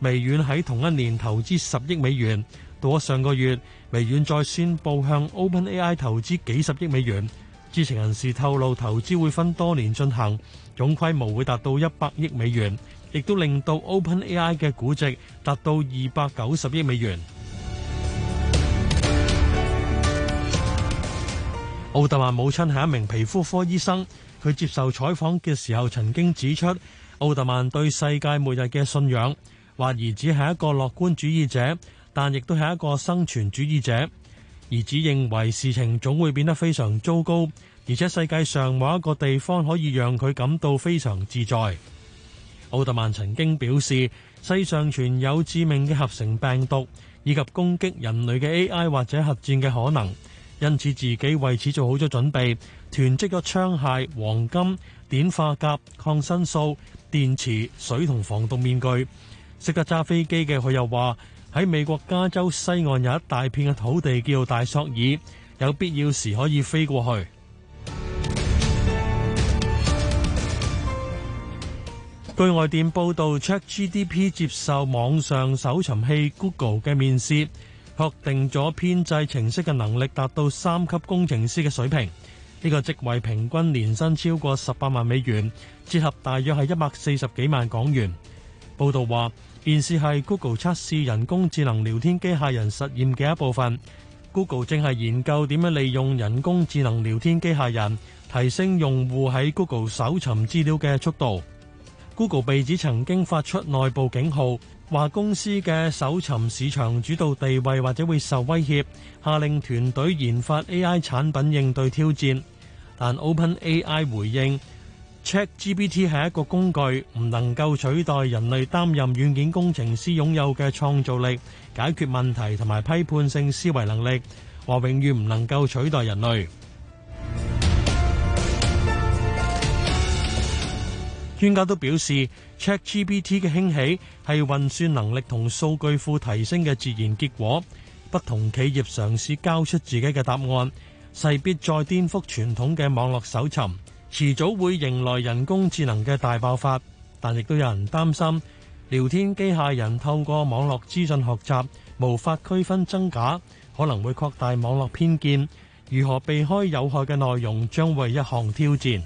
微軟喺同一年投資十億美元，到咗上個月，微軟再宣佈向 OpenAI 投資幾十億美元。知情人士透露，投資會分多年進行。總規模會達到一百億美元，亦都令到 OpenAI 嘅估值達到二百九十億美元。奧特曼母親係一名皮膚科醫生，佢接受採訪嘅時候曾經指出，奧特曼對世界末日嘅信仰，話兒子係一個樂觀主義者，但亦都係一個生存主義者。兒子認為事情總會變得非常糟糕。而且世界上某一個地方可以讓佢感到非常自在。奧特曼曾經表示，世上存有致命嘅合成病毒，以及攻擊人類嘅 A.I. 或者核戰嘅可能，因此自己為此做好咗準備，囤積咗槍械、黃金、碘化鉀、抗生素、電池、水同防毒面具。識得揸飛機嘅佢又話喺美國加州西岸有一大片嘅土地叫大索爾，有必要時可以飛過去。據外電報導，ChatGPT 接受網上搜尋器 Google 嘅面試，確定咗編製程式嘅能力達到三級工程師嘅水平。呢、這個職位平均年薪超過十八萬美元，折合大約係一百四十幾萬港元。報導話，面試係 Google 測試人工智能聊天機械人實驗嘅一部分。Google 正係研究點樣利用人工智能聊天機械人提升用戶喺 Google 搜尋資料嘅速度。Google 被指曾經發出內部警號，話公司嘅搜尋市場主導地位或者會受威脅，下令團隊研發 AI 產品應對挑戰。但 OpenAI 回應，ChatGPT 係一個工具，唔能夠取代人類擔任軟件工程師擁有嘅創造力、解決問題同埋批判性思維能力，話永遠唔能夠取代人類。專家都表示，ChatGPT 嘅興起係運算能力同數據庫提升嘅自然結果。不同企業嘗試交出自己嘅答案，勢必再顛覆傳統嘅網絡搜尋，遲早會迎來人工智能嘅大爆發。但亦都有人擔心，聊天機械人透過網絡資訊學習，無法區分真假，可能會擴大網絡偏見。如何避開有害嘅內容，將為一項挑戰。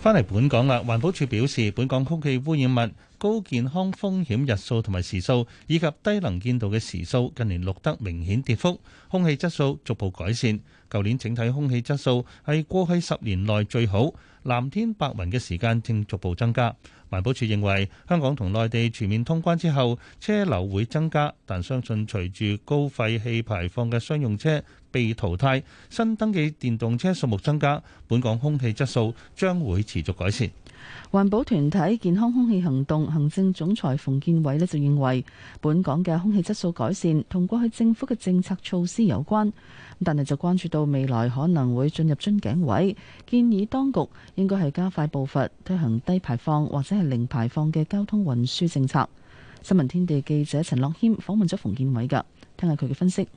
返嚟本港啦，環保署表示，本港空氣污染物高健康風險日數同埋時數，以及低能見度嘅時數，近年錄得明顯跌幅，空氣質素逐步改善。舊年整體空氣質素係過去十年內最好，藍天白雲嘅時間正逐步增加。環保署認為，香港同內地全面通關之後，車流會增加，但相信隨住高廢氣排放嘅商用車被淘汰，新登記電動車數目增加，本港空氣質素將會持續改善。環保團體健康空氣行動行政總裁馮建偉咧，就認為本港嘅空氣質素改善同過去政府嘅政策措施有關，但係就關注到未來可能會進入樽頸位，建議當局應該，係加快步伐推行低排放或者係零排放嘅交通運輸政策。新聞天地記者陳樂謙訪問咗馮建偉噶，聽下佢嘅分析。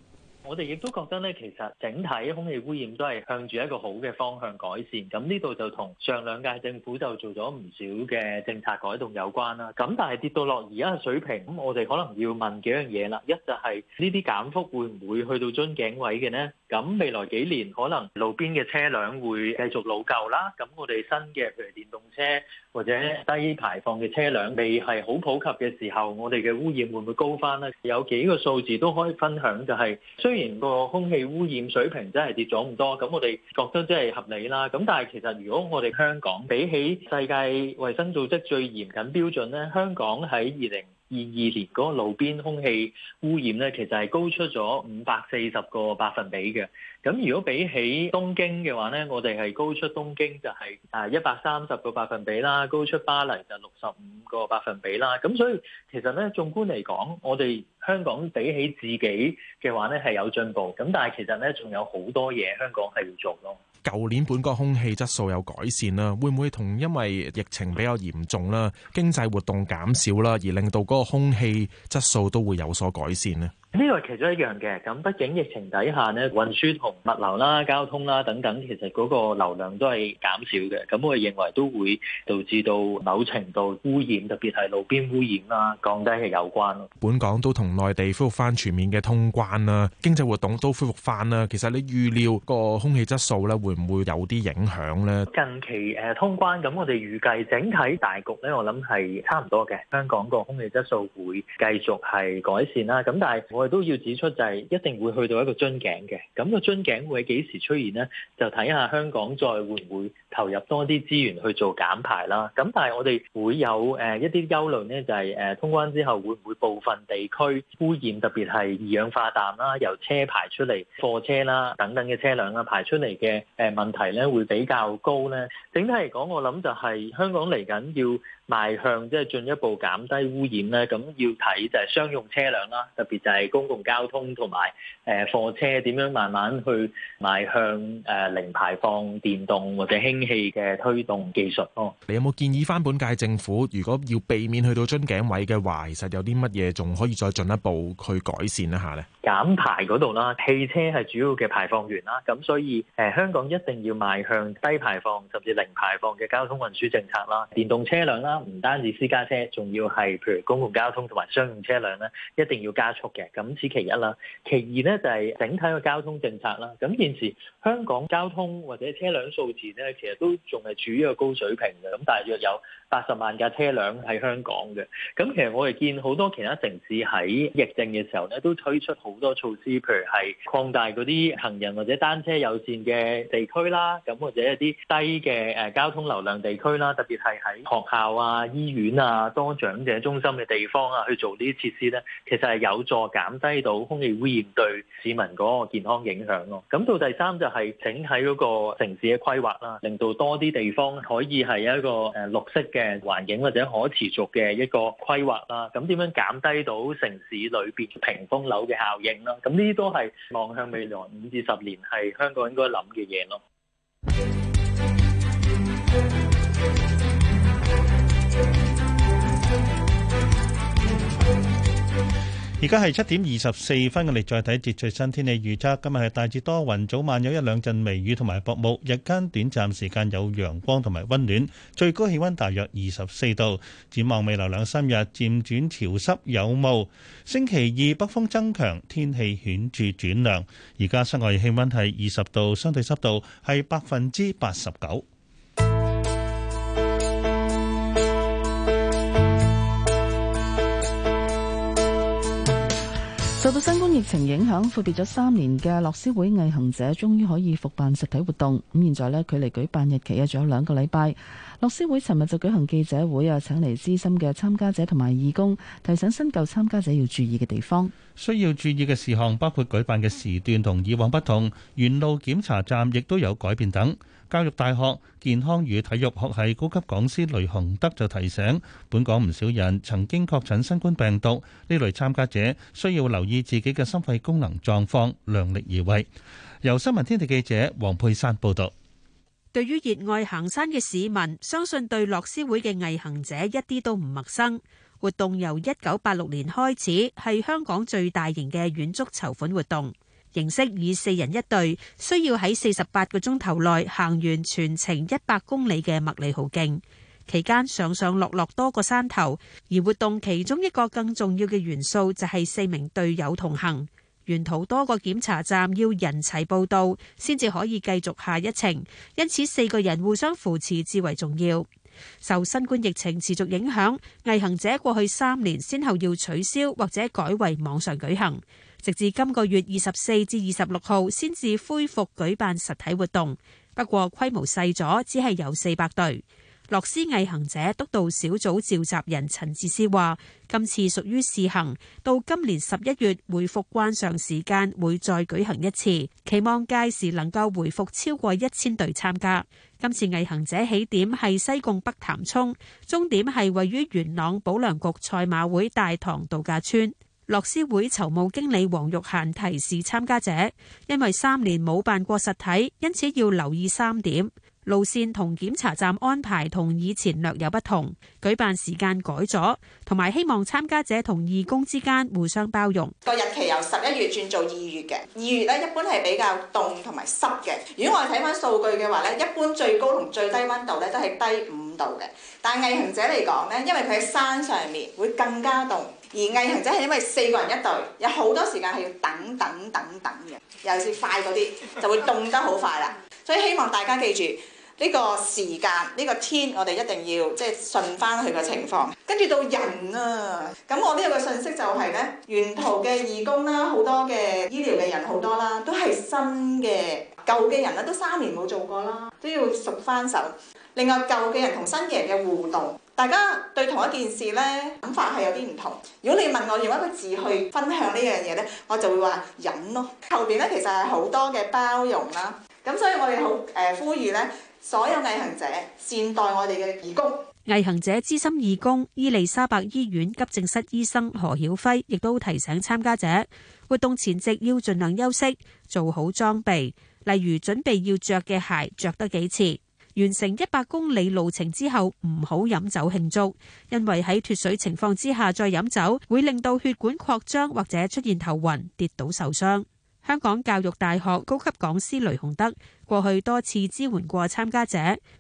我哋亦都覺得咧，其實整體空氣污染都係向住一個好嘅方向改善。咁呢度就同上兩屆政府就做咗唔少嘅政策改動有關啦。咁但係跌到落而家嘅水平，咁我哋可能要問幾樣嘢啦。一就係呢啲減幅會唔會去到樽頸位嘅呢？咁未來幾年可能路邊嘅車輛會繼續老舊啦，咁我哋新嘅譬如電動車或者低排放嘅車輛未係好普及嘅時候，我哋嘅污染會唔會高返呢？有幾個數字都可以分享，就係雖然個空氣污染水平真係跌咗咁多，咁我哋覺得真係合理啦。咁但係其實如果我哋香港比起世界衞生組織最嚴謹標準呢，香港喺二零二二年嗰個路邊空氣污染咧，其實係高出咗五百四十個百分比嘅。咁如果比起東京嘅話呢，我哋係高出東京就係誒一百三十個百分比啦，高出巴黎就六十五個百分比啦。咁所以其實呢，縱觀嚟講，我哋香港比起自己嘅話呢係有進步，咁但係其實呢仲有好多嘢香港係要做咯。舊年本港空氣質素有改善啦，會唔會同因為疫情比較嚴重啦、經濟活動減少啦，而令到嗰個空氣質素都會有所改善呢？呢個係其中一樣嘅，咁畢竟疫情底下咧，運輸同物流啦、交通啦等等，其實嗰個流量都係減少嘅，咁我認為都會導致到某程度污染，特別係路邊污染啦，降低係有關咯。本港都同內地恢復返全面嘅通關啦，經濟活動都恢復返啦，其實你預料個空氣質素咧，會唔會有啲影響咧？近期誒通關，咁我哋預計整體大局咧，我諗係差唔多嘅，香港個空氣質素會繼續係改善啦。咁但係我～我都要指出就係一定會去到一個樽頸嘅，咁個樽頸會幾時出現呢？就睇下香港再會唔會投入多啲資源去做減排啦。咁但係我哋會有誒一啲憂慮呢，就係誒通關之後會唔會部分地區污染，特別係二氧化氮啦，由車排出嚟、貨車啦等等嘅車輛啦排出嚟嘅誒問題呢會比較高呢。整體嚟講，我諗就係香港嚟緊要。邁向即係進一步減低污染咧，咁要睇就係商用車輛啦，特別就係公共交通同埋誒貨車點樣慢慢去邁向誒零排放電動或者氫氣嘅推動技術咯。你有冇建議翻本屆政府，如果要避免去到樽頸位嘅話，其實有啲乜嘢仲可以再進一步去改善一下咧？減排嗰度啦，汽車係主要嘅排放源啦，咁所以誒香港一定要邁向低排放甚至零排放嘅交通運輸政策啦，電動車輛啦。唔單止私家車，仲要係譬如公共交通同埋商用車輛咧，一定要加速嘅。咁此其一啦。其二咧就係整體嘅交通政策啦。咁現時香港交通或者車輛數字咧，其實都仲係處於一個高水平嘅。咁大約有八十萬架車輛喺香港嘅。咁其實我哋見好多其他城市喺疫症嘅時候咧，都推出好多措施，譬如係擴大嗰啲行人或者單車友善嘅地區啦，咁或者一啲低嘅誒交通流量地區啦，特別係喺學校啊。啊！醫院啊，多長者中心嘅地方啊，去做呢啲設施呢，其實係有助減低到空氣污染對市民嗰個健康影響咯。咁到第三就係整喺嗰個城市嘅規劃啦，令到多啲地方可以係一個誒綠色嘅環境或者可持續嘅一個規劃啦。咁點樣減低到城市裏邊屏風樓嘅效應啦？咁呢啲都係望向未來五至十年係香港應該諗嘅嘢咯。而家係七點二十四分嘅，我哋再睇一節最新天氣預測。今日係大致多雲，早晚有一兩陣微雨同埋薄霧，日間短暫時間有陽光同埋溫暖，最高氣溫大約二十四度。展望未來兩三日漸轉潮濕有霧。星期二北風增強，天氣顯著轉涼。而家室外氣溫係二十度，相對濕度係百分之八十九。受到新冠疫情影響，闊別咗三年嘅樂施會毅行者終於可以復辦實體活動。咁現在距離舉辦日期啊，仲有兩個禮拜。樂施會尋日就舉行記者會啊，請嚟資深嘅參加者同埋義工，提醒新舊參加者要注意嘅地方。需要注意嘅事項包括舉辦嘅時段同以往不同，沿路檢查站亦都有改變等。教育大學健康與體育學系高級講師雷雄德就提醒，本港唔少人曾經確診新冠病毒，呢類參加者需要留意自己嘅心肺功能狀況，量力而為。由新聞天地記者黃佩珊報道。對於熱愛行山嘅市民，相信對樂施會嘅毅行者一啲都唔陌生。活動由一九八六年開始，係香港最大型嘅遠足籌款活動。形式以四人一隊，需要喺四十八個鐘頭內行完全程一百公里嘅麥理浩徑，期間上上落落多個山頭。而活動其中一個更重要嘅元素就係四名隊友同行，沿途多個檢查站要人齊報到，先至可以繼續下一程。因此，四個人互相扶持至為重要。受新冠疫情持續影響，毅行者過去三年先後要取消或者改為網上舉行。直至今個月二十四至二十六號先至恢復舉辦實體活動，不過規模細咗，只係有四百隊。樂施毅行者督導小組召集人陳智思話：今次屬於試行，到今年十一月回復關上時間會再舉行一次，期望屆時能夠回復超過一千隊參加。今次毅行者起點係西貢北潭涌，終點係位於元朗保良局賽馬會大棠度假村。樂施會籌務經理黃玉嫻提示參加者，因為三年冇辦過實體，因此要留意三點，路線同檢查站安排同以前略有不同，舉辦時間改咗，同埋希望參加者同義工之間互相包容。個日期由十一月轉做二月嘅，二月咧一般係比較凍同埋濕嘅。如果我哋睇翻數據嘅話咧，一般最高同最低温度咧都係低五度嘅。但係毅行者嚟講呢，因為佢喺山上面會更加凍。而毅行者就係因為四個人一隊，有好多時間係要等等等等嘅，尤其是快嗰啲就會凍得好快啦。所以希望大家記住呢個時間、呢個天，我哋一定要即係順翻佢個情況。跟住到人啊，咁我呢度嘅信息就係呢：沿途嘅義工啦，好多嘅醫療嘅人好多啦，都係新嘅、舊嘅人啦，都三年冇做過啦，都要熟翻手。另外，舊嘅人同新嘅人嘅互動。大家對同一件事咧，諗法係有啲唔同。如果你問我用一個字去分享呢樣嘢咧，我就會話忍咯。後邊咧其實係好多嘅包容啦。咁所以我哋好誒呼籲咧，所有毅行者善待我哋嘅義工。毅行者資深義工，伊利沙伯醫院急症室醫生何曉輝亦都提醒參加者，活動前夕要盡量休息，做好裝備，例如準備要着嘅鞋着得幾次。完成一百公里路程之後，唔好飲酒慶祝，因為喺脱水情況之下再飲酒會令到血管擴張或者出現頭暈跌倒受傷。香港教育大學高級講師雷洪德過去多次支援過參加者，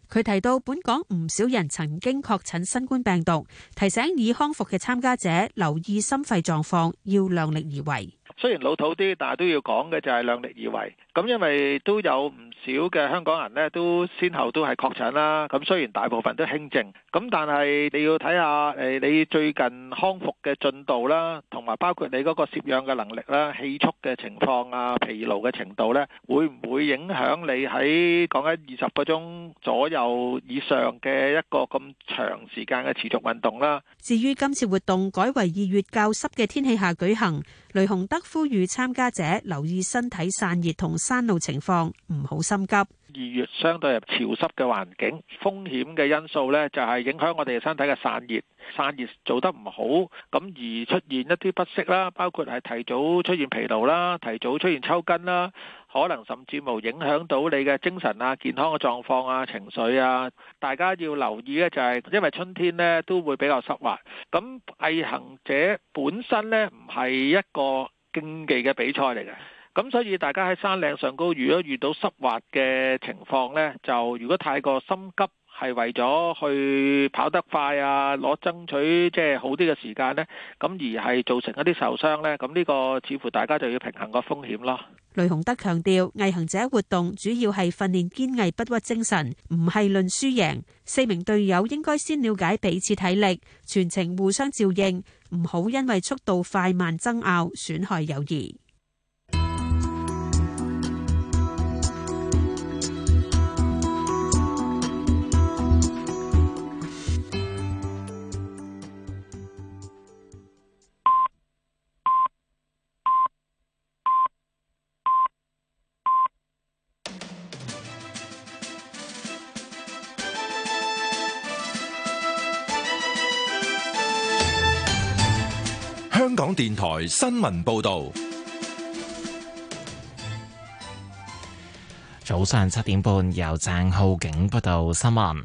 佢提到本港唔少人曾經確診新冠病毒，提醒已康復嘅參加者留意心肺狀況，要量力而為。雖然老土啲，但係都要講嘅就係量力而為。咁因為都有唔少嘅香港人咧，都先後都係確診啦。咁雖然大部分都輕症，咁但係你要睇下誒，你最近康復嘅進度啦，同埋包括你嗰個攝氧嘅能力啦、氣促嘅情況啊、疲勞嘅程度咧，會唔會影響你喺講緊二十個鐘左右以上嘅一個咁長時間嘅持續運動啦？至於今次活動，改為二月較濕嘅天氣下舉行。雷洪德呼籲參加者留意身體散熱同山路情況，唔好心急。二月相對入潮濕嘅環境，風險嘅因素呢就係影響我哋身體嘅散熱，散熱做得唔好，咁而出現一啲不適啦，包括係提早出現疲勞啦，提早出現抽筋啦。可能甚至乎影響到你嘅精神啊、健康嘅狀況啊、情緒啊。大家要留意呢、就是，就係因為春天呢都會比較濕滑。咁毅行者本身呢唔係一個競技嘅比賽嚟嘅，咁所以大家喺山嶺上高，如果遇到濕滑嘅情況呢，就如果太過心急，係為咗去跑得快啊，攞爭取即係好啲嘅時間呢，咁而係造成一啲受傷呢。咁呢個似乎大家就要平衡個風險咯。雷洪德強調，毅行者活動主要係訓練堅毅不屈精神，唔係論輸贏。四名隊友應該先了解彼此體力，全程互相照應，唔好因為速度快慢爭拗，損害友誼。香港電台新聞報道，早上七點半由鄭浩景報道新聞。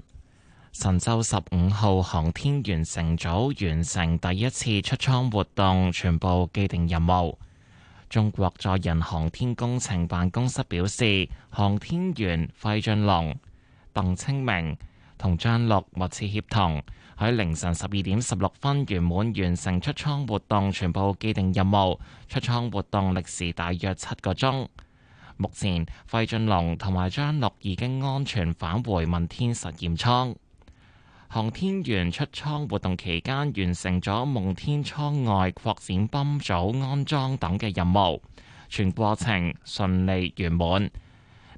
神舟十五號航天員乘組完成第一次出艙活動，全部既定任務。中國載人航天工程辦公室表示，航天員費俊龍、鄧清明同張陸密切協同。喺凌晨十二點十六分圓滿完成出艙活動全部既定任務，出艙活動歷時大約七個鐘。目前費俊龍同埋張陸已經安全返回問天實驗艙。航天員出艙活動期間完成咗夢天艙外擴展泵組安裝等嘅任務，全過程順利圓滿。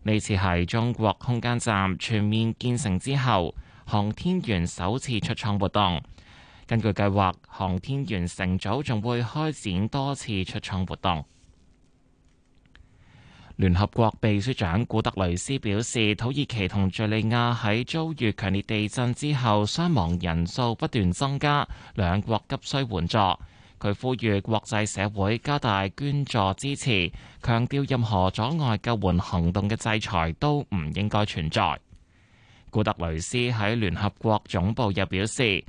呢次係中國空間站全面建成之後，航天員首次出艙活動，根據計劃，航天員乘組仲會開展多次出艙活動。聯合國秘書長古特雷斯表示，土耳其同敘利亞喺遭遇強烈地震之後，傷亡人數不斷增加，兩國急需援助。佢呼籲國際社會加大捐助支持，強調任何阻礙救援行動嘅制裁都唔應該存在。古特雷斯喺聯合國總部又表示，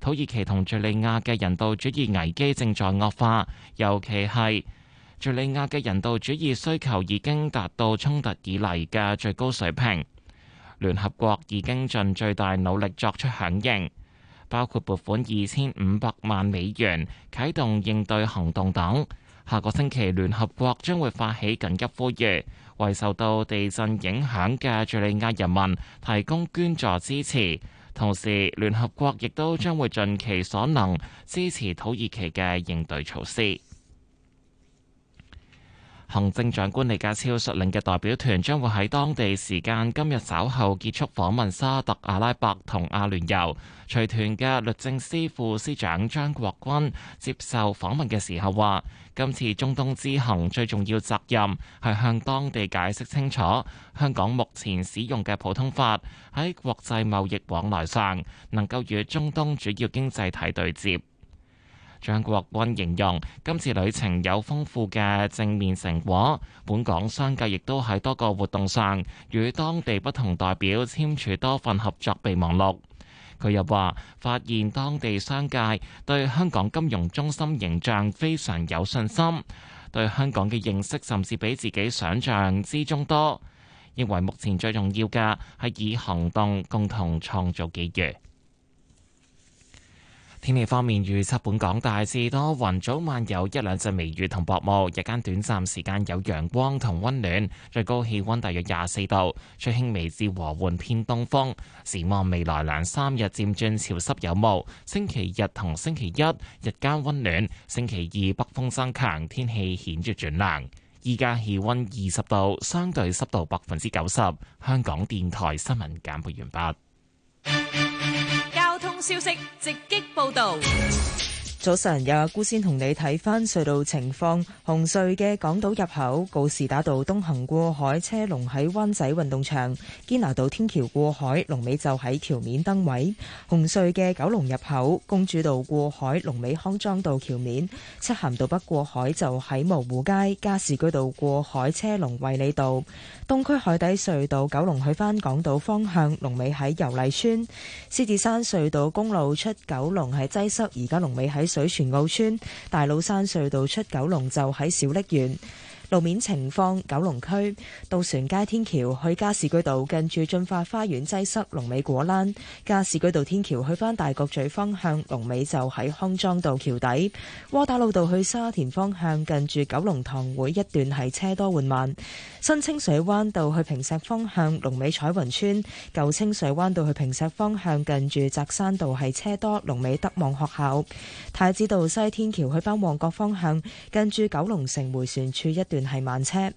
土耳其同敍利亞嘅人道主義危機正在惡化，尤其係敍利亞嘅人道主義需求已經達到衝突以來嘅最高水平。聯合國已經盡最大努力作出響應，包括撥款二千五百萬美元、啟動應對行動等。下個星期，聯合國將會發起緊急呼籲，為受到地震影響嘅敘利亞人民提供捐助支持。同時，聯合國亦都將會盡其所能支持土耳其嘅應對措施。行政長官李家超率領嘅代表團將會喺當地時間今日稍後結束訪問沙特阿拉伯同阿聯酋。隨團嘅律政司副司長張國鈞接受訪問嘅時候話：今次中東之行最重要責任係向當地解釋清楚香港目前使用嘅普通法喺國際貿易往來上能夠與中東主要經濟體對接。張國鈞形容今次旅程有豐富嘅正面成果，本港商界亦都喺多個活動上與當地不同代表簽署多份合作備忘錄。佢又話：發現當地商界對香港金融中心形象非常有信心，對香港嘅認識甚至比自己想象之中多。認為目前最重要嘅係以行動共同創造機遇。天氣方面預測，本港大致多雲，早晚有一兩陣微雨同薄霧，日間短暫時間有陽光同温暖，最高氣溫大約廿四度，吹輕微至和緩偏東風。展望未來兩三日漸轉潮濕有霧，星期日同星期一日間温暖，星期二北風增強，天氣顯著轉涼。依家氣溫二十度，相對濕度百分之九十。香港電台新聞簡報完畢。消息直擊報道。早晨，由阿姑先同你睇翻隧道情況。紅隧嘅港島入口告士打道東行過海，車龍喺灣仔運動場；堅拿道天橋過海，龍尾就喺橋面燈位。紅隧嘅九龍入口公主道過海，龍尾康莊道橋面；漆咸道北過海就喺蕪湖街加士居道過海，車龍衛理道。東區海底隧道九龍去返港島方向，龍尾喺油麗村；獅子山隧道公路出九龍係擠塞，而家龍尾喺水泉澳村；大老山隧道出九龍就喺小瀝源。路面情況，九龍區渡船街天橋去加士居道近住俊發花園擠塞，龍尾果欄；加士居道天橋去返大角咀方向，龍尾就喺康莊道橋底。窩打老道去沙田方向，近住九龍塘會一段係車多緩慢。新清水灣道去坪石方向，龍尾彩雲村；舊清水灣道去坪石方向，近住澤山道係車多，龍尾德望學校。太子道西天橋去返旺角方向，近住九龍城迴旋處一段。係慢車，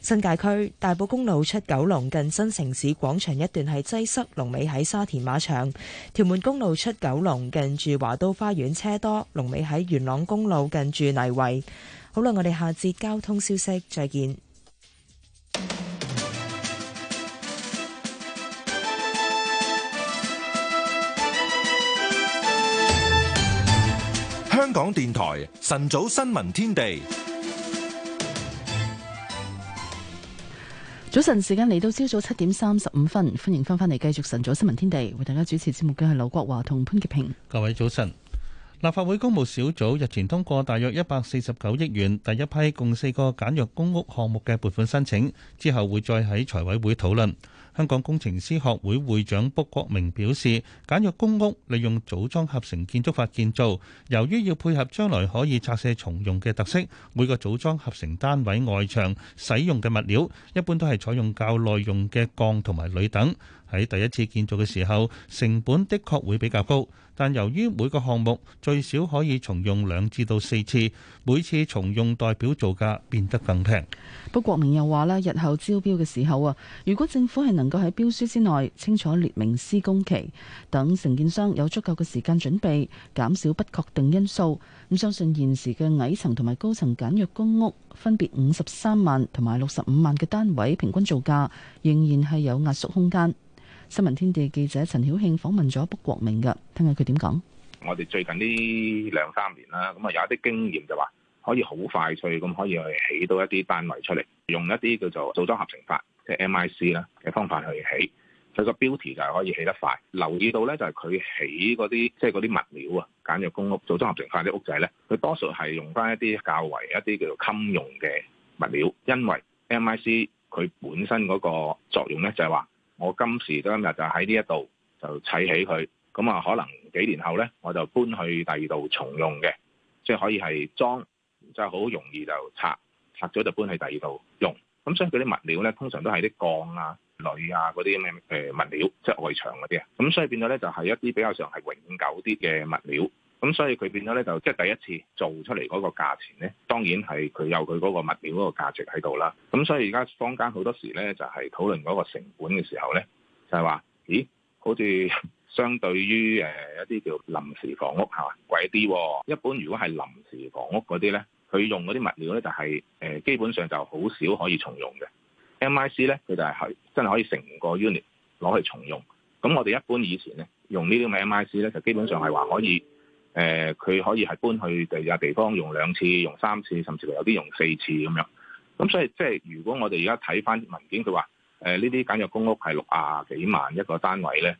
新界區大埔公路出九龍近新城市廣場一段係擠塞，龍尾喺沙田馬場；屯門公路出九龍近住華都花園，車多，龍尾喺元朗公路近住泥圍。好啦，我哋下節交通消息再見。香港電台晨早新聞天地。早晨時間嚟到朝早七點三十五分，歡迎翻返嚟繼續晨早新聞天地，為大家主持節目嘅係劉國華同潘潔平。各位早晨，立法會公務小組日前通過大約一百四十九億元第一批共四個簡約公屋項目嘅撥款申請，之後會再喺財委會討論。香港工程師學會會長卜國明表示，簡約公屋利用組裝合成建築法建造，由於要配合將來可以拆卸重用嘅特色，每個組裝合成單位外牆使用嘅物料一般都係採用較耐用嘅鋼同埋鋁等，喺第一次建造嘅時候，成本的確會比較高。但由於每個項目最少可以重用兩至到四次，每次重用代表造價變得更平。不過，國明又話咧，日後招標嘅時候啊，如果政府係能夠喺標書之內清楚列明施工期，等承建商有足夠嘅時間準備，減少不確定因素，咁相信現時嘅矮層同埋高層簡約公屋分別五十三萬同埋六十五萬嘅單位平均造價，仍然係有壓縮空間。新聞天地記者陳曉慶訪問咗卜國明嘅，聽下佢點講。我哋最近呢兩三年啦，咁啊有啲經驗就話可以好快脆咁可以去起到一啲單位出嚟，用一啲叫做組裝合成法，即係 M I C 啦嘅方法去起，佢個標題就係可以起得快。留意到咧，就係佢起嗰啲即係嗰啲物料啊，簡約公屋組裝合成法啲屋仔咧，佢多數係用翻一啲較為一啲叫做襟用嘅物料，因為 M I C 佢本身嗰個作用咧就係話。我今時今日就喺呢一度就砌起佢，咁啊可能幾年後呢，我就搬去第二度重用嘅，即係可以係裝，即係好容易就拆，拆咗就搬去第二度用。咁所以佢啲物料呢，通常都係啲鋼啊、鋁啊嗰啲咩誒物料，即係外牆嗰啲啊。咁所以變咗呢，就係一啲比較上係永久啲嘅物料。咁所以佢變咗咧，就即係第一次做出嚟嗰個價錢咧，當然係佢有佢嗰個物料嗰個價值喺度啦。咁所以而家坊間好多時咧，就係討論嗰個成本嘅時候咧，就係話：咦，好似相對於誒一啲叫臨時房屋係嘛貴啲喎。一般如果係臨時房屋嗰啲咧，佢用嗰啲物料咧，就係誒基本上就好少可以重用嘅。M I C 咧，佢就係係真係可以成個 unit 攞去重用。咁我哋一般以前咧用呢啲咁嘅 M I C 咧，就基本上係話可以。誒佢、呃、可以係搬去第二個地方用兩次、用三次，甚至乎有啲用四次咁樣。咁所以即係如果我哋而家睇翻文件，佢話誒呢啲簡約公屋係六啊幾萬一個單位咧，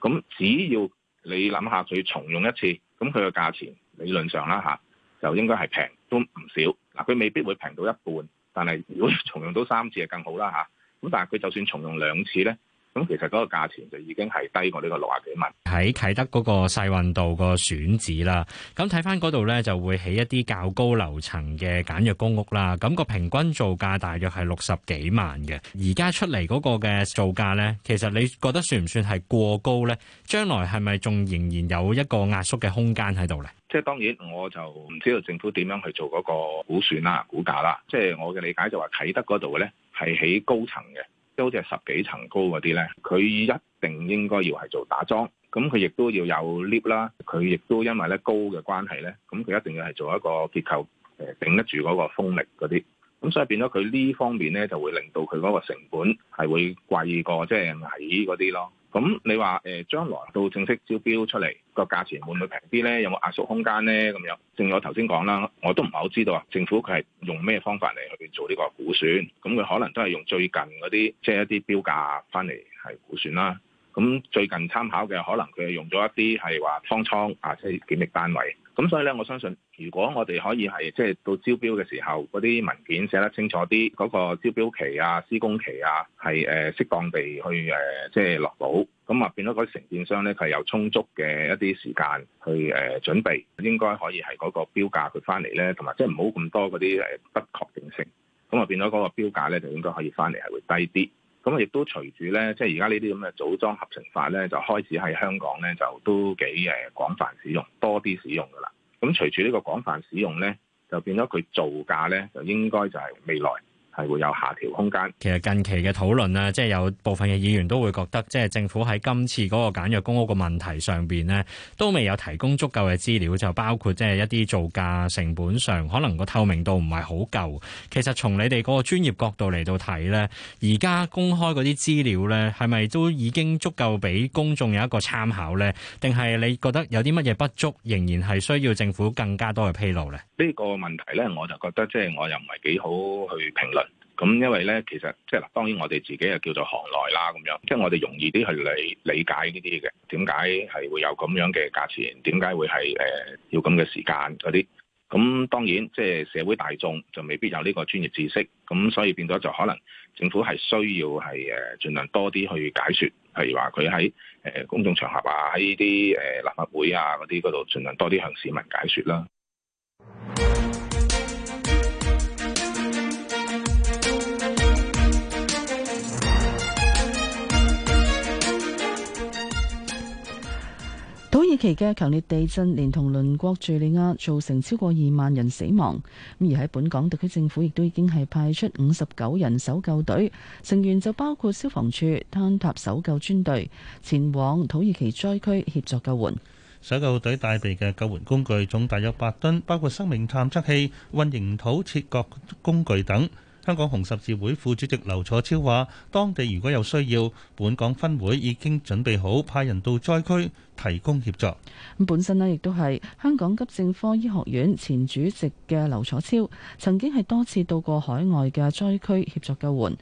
咁只要你諗下佢重用一次，咁佢個價錢理論上啦嚇、啊，就應該係平都唔少。嗱、啊，佢未必會平到一半，但係如果重用到三次就更好啦嚇。咁、啊啊、但係佢就算重用兩次咧。咁其實嗰個價錢就已經係低過呢個六十幾萬喺啟德嗰個世運道個選址啦。咁睇翻嗰度咧，就會起一啲較高樓層嘅簡約公屋啦。咁個平均造價大約係六十幾萬嘅。而家出嚟嗰個嘅造價咧，其實你覺得算唔算係過高咧？將來係咪仲仍然有一個壓縮嘅空間喺度咧？即係當然，我就唔知道政府點樣去做嗰個估算啦、估價啦。即係我嘅理解就話，啟德嗰度咧係起高層嘅。都係十幾層高嗰啲咧，佢一定應該要係做打樁，咁佢亦都要有 lift 啦，佢亦都因為咧高嘅關係咧，咁佢一定要係做一個結構誒頂得住嗰個風力嗰啲，咁所以變咗佢呢方面咧就會令到佢嗰個成本係會貴過即係、就是、矮嗰啲咯。咁你話誒將來到正式招標出嚟個價錢會唔會平啲咧？有冇壓縮空間咧？咁樣正如我頭先講啦，我都唔係好知道啊。政府佢係用咩方法嚟去做呢個估算？咁佢可能都係用最近嗰啲即係一啲標價翻嚟係估算啦。咁最近參考嘅可能佢係用咗一啲係話方倉啊，即係檢疫單位。咁所以咧，我相信如果我哋可以係即係到招標嘅時候，嗰啲文件寫得清楚啲，嗰個招標期啊、施工期啊，係誒適當地去誒、呃、即係落保，咁啊變咗啲承建商咧，佢係有充足嘅一啲時間去誒、呃、準備，應該可以係嗰個標價佢翻嚟咧，同埋即係唔好咁多嗰啲誒不確定性，咁啊變咗嗰個標價咧，就應該可以翻嚟係會低啲。咁啊，亦都隨住咧，即係而家呢啲咁嘅組裝合成法咧，就開始喺香港咧，就都幾誒廣泛使用，多啲使用㗎喇。咁隨住呢個廣泛使用咧，就變咗佢造價咧，就應該就係未來。係會有下調空間。其實近期嘅討論咧，即係有部分嘅議員都會覺得，即係政府喺今次嗰個簡約公屋個問題上邊呢，都未有提供足夠嘅資料，就包括即係一啲造價成本上，可能個透明度唔係好夠。其實從你哋嗰個專業角度嚟到睇呢，而家公開嗰啲資料呢，係咪都已經足夠俾公眾有一個參考呢？定係你覺得有啲乜嘢不足，仍然係需要政府更加多嘅披露咧？呢個問題呢，我就覺得即係我又唔係幾好去評論。咁因為咧，其實即係嗱，當然我哋自己又叫做行內啦，咁樣即係、就是、我哋容易啲去理理解呢啲嘅點解係會有咁樣嘅價錢，點解會係誒、呃、要咁嘅時間嗰啲。咁當然即係、就是、社會大眾就未必有呢個專業知識，咁所以變咗就可能政府係需要係誒盡量多啲去解説，譬如話佢喺誒公眾場合啊，喺啲誒立法會啊嗰啲嗰度盡量多啲向市民解説啦。土耳其嘅強烈地震連同鄰國敘利亞造成超過二萬人死亡。咁而喺本港特區政府亦都已經係派出五十九人搜救隊，成員就包括消防處坍塌搜救專隊，前往土耳其災區協助救援。搜救隊帶備嘅救援工具總大約八噸，包括生命探測器、混凝土切割工具等。香港紅十字會副主席劉楚超話，當地如果有需要，本港分會已經準備好派人到災區提供協助。咁本身呢，亦都係香港急症科醫學院前主席嘅劉楚超，曾經係多次到過海外嘅災區協助救援，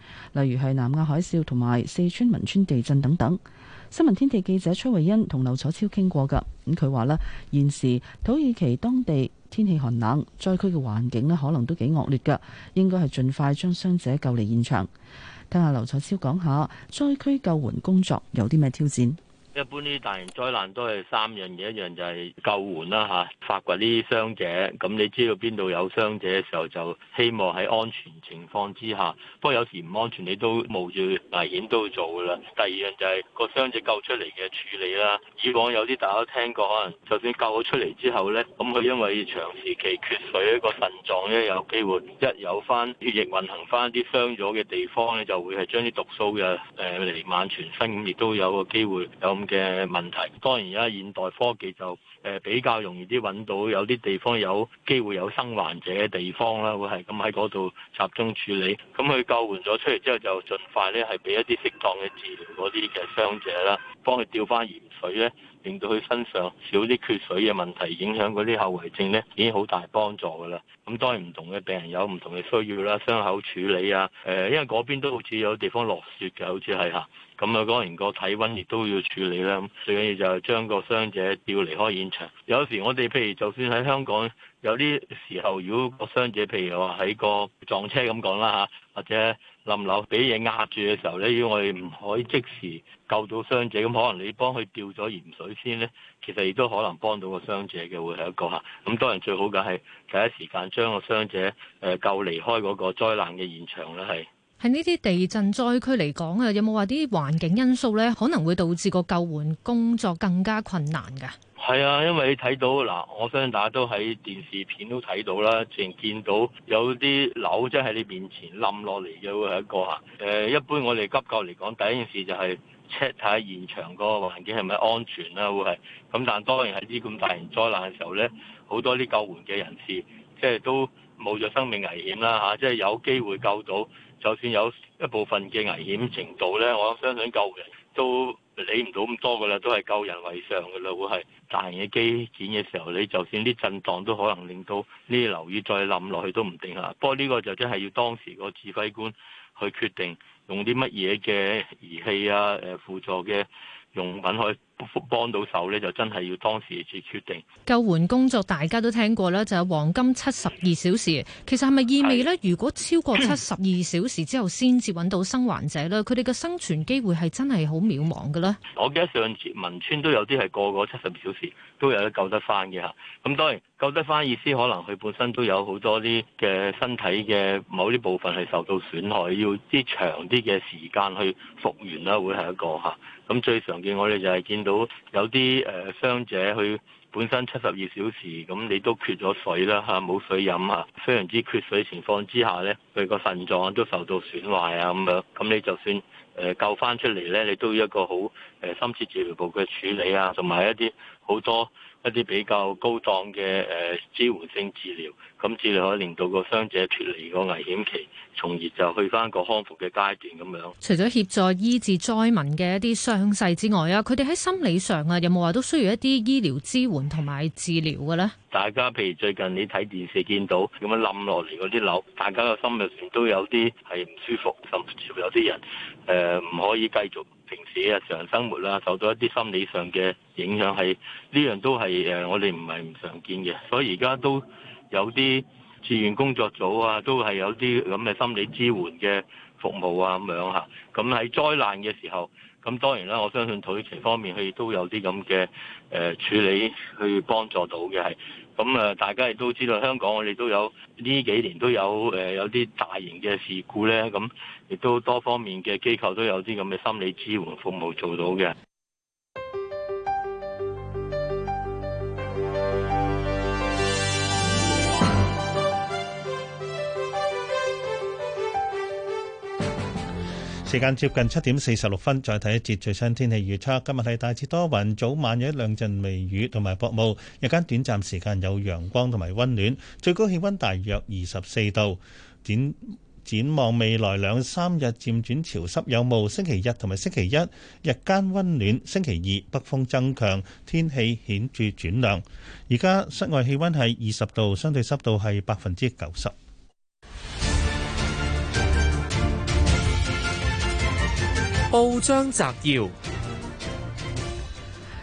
例如係南亞海嘯同埋四川汶川地震等等。新聞天地記者崔慧欣同劉楚超傾過㗎，咁佢話啦，現時土耳其當地。天氣寒冷，災區嘅環境咧可能都幾惡劣㗎，應該係盡快將傷者救嚟現場。聽下劉彩超講下災區救援工作有啲咩挑戰。一般啲大型災難都係三樣嘢，一樣就係救援啦嚇、啊，發掘啲傷者。咁你知道邊度有傷者嘅時候，就希望喺安全情況之下。不過有時唔安全，你都冒住危險都要做噶啦。第二樣就係個傷者救出嚟嘅處理啦。以往有啲大家都聽過，可能就算救咗出嚟之後呢，咁佢因為長時期缺水，一個腎臟咧有機會一有翻血液運行翻啲傷咗嘅地方咧，就會係將啲毒素嘅誒瀰漫全身，咁亦都有個機會有嘅問題，當然而、啊、家現代科技就誒、呃、比較容易啲揾到有啲地方有機會有生還者嘅地方啦，會係咁喺嗰度集中處理。咁、嗯、佢救援咗出嚟之後，就盡快咧係俾一啲適當嘅治療嗰啲嘅傷者啦，幫佢吊翻鹽水咧，令到佢身上少啲缺水嘅問題，影響嗰啲後遺症咧已經好大幫助噶啦。咁、嗯、當然唔同嘅病人有唔同嘅需要啦，傷口處理啊，誒、呃，因為嗰邊都好似有地方落雪嘅，好似係嚇。咁啊，講完個體温亦都要處理啦。最緊要就係將個傷者調離開現場。有時我哋譬如就算喺香港，有啲時候如果個傷者譬如話喺個撞車咁講啦嚇，或者冧樓俾嘢壓住嘅時候咧，如果我哋唔可以即時救到傷者，咁可能你幫佢吊咗鹽水先咧，其實亦都可能幫到個傷者嘅，會係一個嚇。咁當然最好嘅係第一時間將個傷者誒救離開嗰個災難嘅現場啦，係。喺呢啲地震災區嚟講啊，有冇話啲環境因素咧，可能會導致個救援工作更加困難㗎？係啊，因為你睇到嗱、啊，我相信大家都喺電視片都睇到啦，之前見到有啲樓即係喺你面前冧落嚟嘅會係一個嚇。誒、啊，一般我哋急救嚟講，第一件事就係 check 睇下現場個環境係咪安全啦，會係咁。但當然喺呢咁大型災難嘅時候咧，好多啲救援嘅人士即係都冇咗生命危險啦吓、啊，即係有機會救到。就算有一部分嘅危險程度呢，我相信救人都理唔到咁多㗎喇，都係救人為上㗎喇。會係大型嘅機件嘅時候，你就算啲震盪都可能令到呢啲樓宇再冧落去都唔定啦。不過呢個就真係要當時個指揮官去決定用啲乜嘢嘅儀器啊，誒輔助嘅用品可以幫到手咧，就真係要當時去決定救援工作。大家都聽過啦，就係黃金七十二小時。其實係咪意味咧，是如果超過七十二小時之後先至揾到生還者咧，佢哋嘅生存機會係真係好渺茫嘅啦。我記得上次汶川都有啲係過過七十二小時，都有救得翻嘅吓。咁當然救得翻意思，可能佢本身都有好多啲嘅身體嘅某啲部分係受到損害，要啲長啲嘅時間去復原啦，會係一個吓。咁最常見我哋就係見到有啲誒傷者，佢本身七十二小時咁，你都缺咗水啦嚇，冇水飲啊，非常之缺水情況之下咧，佢個腎臟都受到損壞啊咁樣。咁你就算誒救翻出嚟咧，你都要一個好誒深切治療部嘅處理啊，同埋一啲好多。一啲比較高檔嘅誒支援性治療，咁治療可以令到個傷者脫離個危險期，從而就去返個康復嘅階段咁樣。除咗協助醫治災民嘅一啲傷勢之外啊，佢哋喺心理上啊，有冇話都需要一啲醫療支援同埋治療嘅咧？大家譬如最近你睇電視見到咁樣冧落嚟嗰啲樓，大家個心入邊都有啲係唔舒服，甚至乎有啲人誒唔、呃、唔可以繼續。平時日常生活啦，受到一啲心理上嘅影響，係呢樣都係誒，我哋唔係唔常見嘅，所以而家都有啲志願工作組啊，都係有啲咁嘅心理支援嘅服務啊，咁樣吓。咁喺災難嘅時候，咁當然啦，我相信土耳其方面佢亦都有啲咁嘅誒處理去幫助到嘅係。咁啊、嗯，大家亦都知道，香港我哋都有呢幾年都有誒、呃，有啲大型嘅事故咧，咁、嗯、亦都多方面嘅機構都有啲咁嘅心理支援服務做到嘅。時間接近七點四十六分，再睇一節最新天氣預測。今日係大致多雲，早晚有一兩陣微雨同埋薄霧，日間短暫時間有陽光同埋温暖，最高氣温大約二十四度。展展望未來兩三日漸轉潮濕有霧，星期日同埋星期一日間温暖，星期二北風增強，天氣顯著轉涼。而家室外氣温係二十度，相對濕度係百分之九十。報章摘要：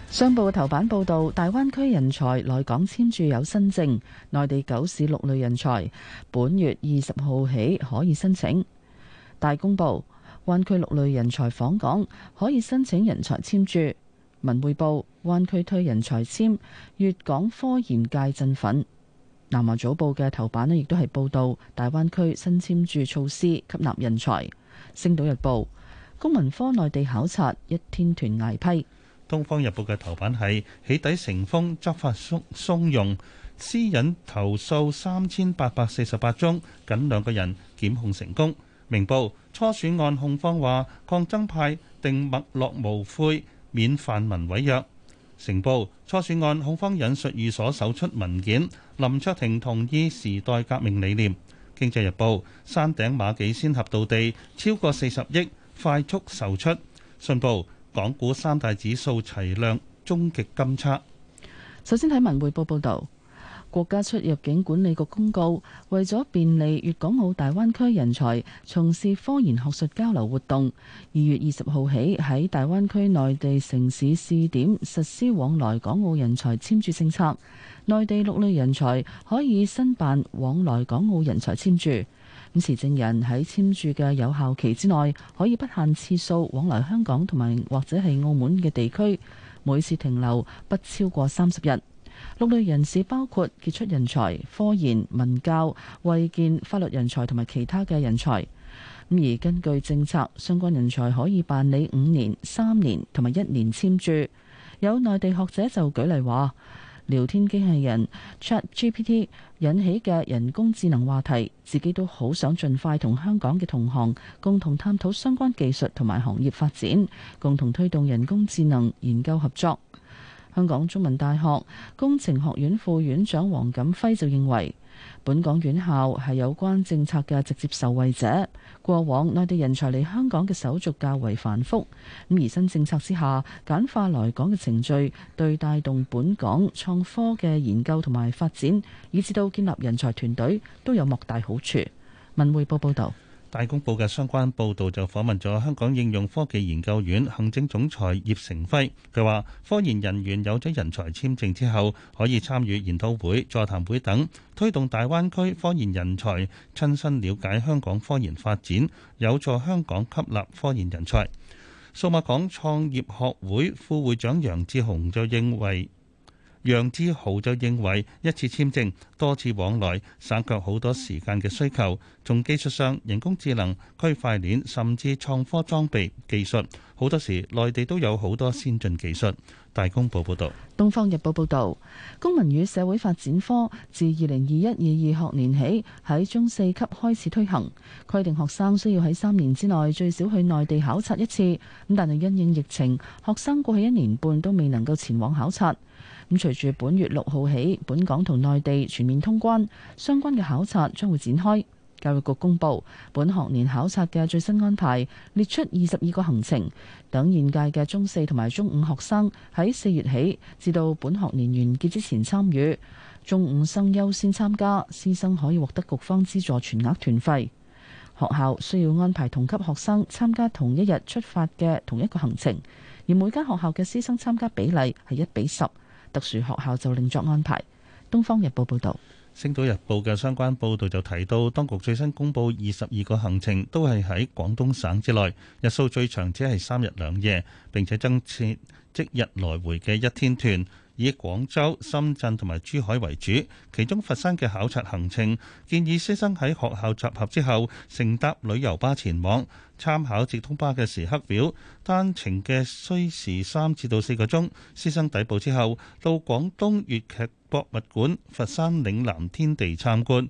商報嘅頭版報道，大灣區人才來港簽注有新政，內地九市六類人才本月二十號起可以申請。大公報，灣區六類人才訪港可以申請人才簽注。文匯報，灣區推人才簽，粵港科研界振奮。南華早報嘅頭版呢，亦都係報道大灣區新簽注措施吸納人才。星島日報，公民科內地考察一天團挨批。《東方日報》嘅頭版係起底成風，執法鬆縱容私隱投訴三千八百四十八宗，僅兩個人檢控成功。明報初選案控方話抗爭派定脈絡無悔，免泛民毀約。成報初選案控方引述寓所搜出文件，林卓廷同意時代革命理念。《經濟日報》山頂馬己仙峽道地超過四十億。快速售出，信報港股三大指數齊量終極金測。首先睇文匯報報道，國家出入境管理局公告，為咗便利粵港澳大灣區人才從事科研學術交流活動，二月二十號起喺大灣區內地城市試點實施往來港澳人才簽注政策，內地六類人才可以申辦往來港澳人才簽注。咁持證人喺簽注嘅有效期之內，可以不限次數往來香港同埋或者係澳門嘅地區，每次停留不超過三十日。六類人士包括傑出人才、科研、文教、衞健、法律人才同埋其他嘅人才。咁而根據政策，相關人才可以辦理五年、三年同埋一年簽注。有內地學者就舉例話。聊天機器人 ChatGPT 引起嘅人工智能話題，自己都好想盡快同香港嘅同行共同探討相關技術同埋行業發展，共同推動人工智能研究合作。香港中文大學工程學院副院長黃錦輝就認為。本港院校係有關政策嘅直接受惠者。過往內地人才嚟香港嘅手續較為繁複，咁而新政策之下簡化來港嘅程序，對帶動本港創科嘅研究同埋發展，以至到建立人才團隊都有莫大好處。文匯報報道。大公報嘅相關報導就訪問咗香港應用科技研究院行政總裁葉成輝，佢話：科研人員有咗人才簽證之後，可以參與研討會、座談會等，推動大灣區科研人才親身了解香港科研發展，有助香港吸納科研人才。數碼港創業學會副會長楊志雄就認為：楊之豪就認為，一次簽證多次往來，省卻好多時間嘅需求。從技術上，人工智能、區塊鏈甚至創科裝備技術，好多時內地都有好多先進技術。大公報報道。《東方日報》報道，公民與社會發展科自二零二一二二學年起喺中四級開始推行，規定學生需要喺三年之內最少去內地考察一次。咁但係因應疫情，學生過去一年半都未能夠前往考察。咁隨住本月六號起，本港同內地全面通關，相關嘅考察將會展開。教育局公布本學年考察嘅最新安排，列出二十二個行程，等現屆嘅中四同埋中五學生喺四月起至到本學年完結之前參與。中五生優先參加，師生可以獲得局方資助全額團費。學校需要安排同級學生參加同一日出發嘅同一個行程，而每間學校嘅師生參加比例係一比十。特殊學校就另作安排。《東方日報》報導，《星島日報》嘅相關報導就提到，當局最新公布二十二個行程，都係喺廣東省之內，日數最長只係三日兩夜，並且增設即日來回嘅一天團。以廣州、深圳、同埋珠海為主，其中佛山嘅考察行程建議師生喺學校集合之後，乘搭旅遊巴前往。參考直通巴嘅時刻表，單程嘅需時三至到四個鐘。師生抵埗之後，到廣東粵劇博物館、佛山嶺南天地參觀。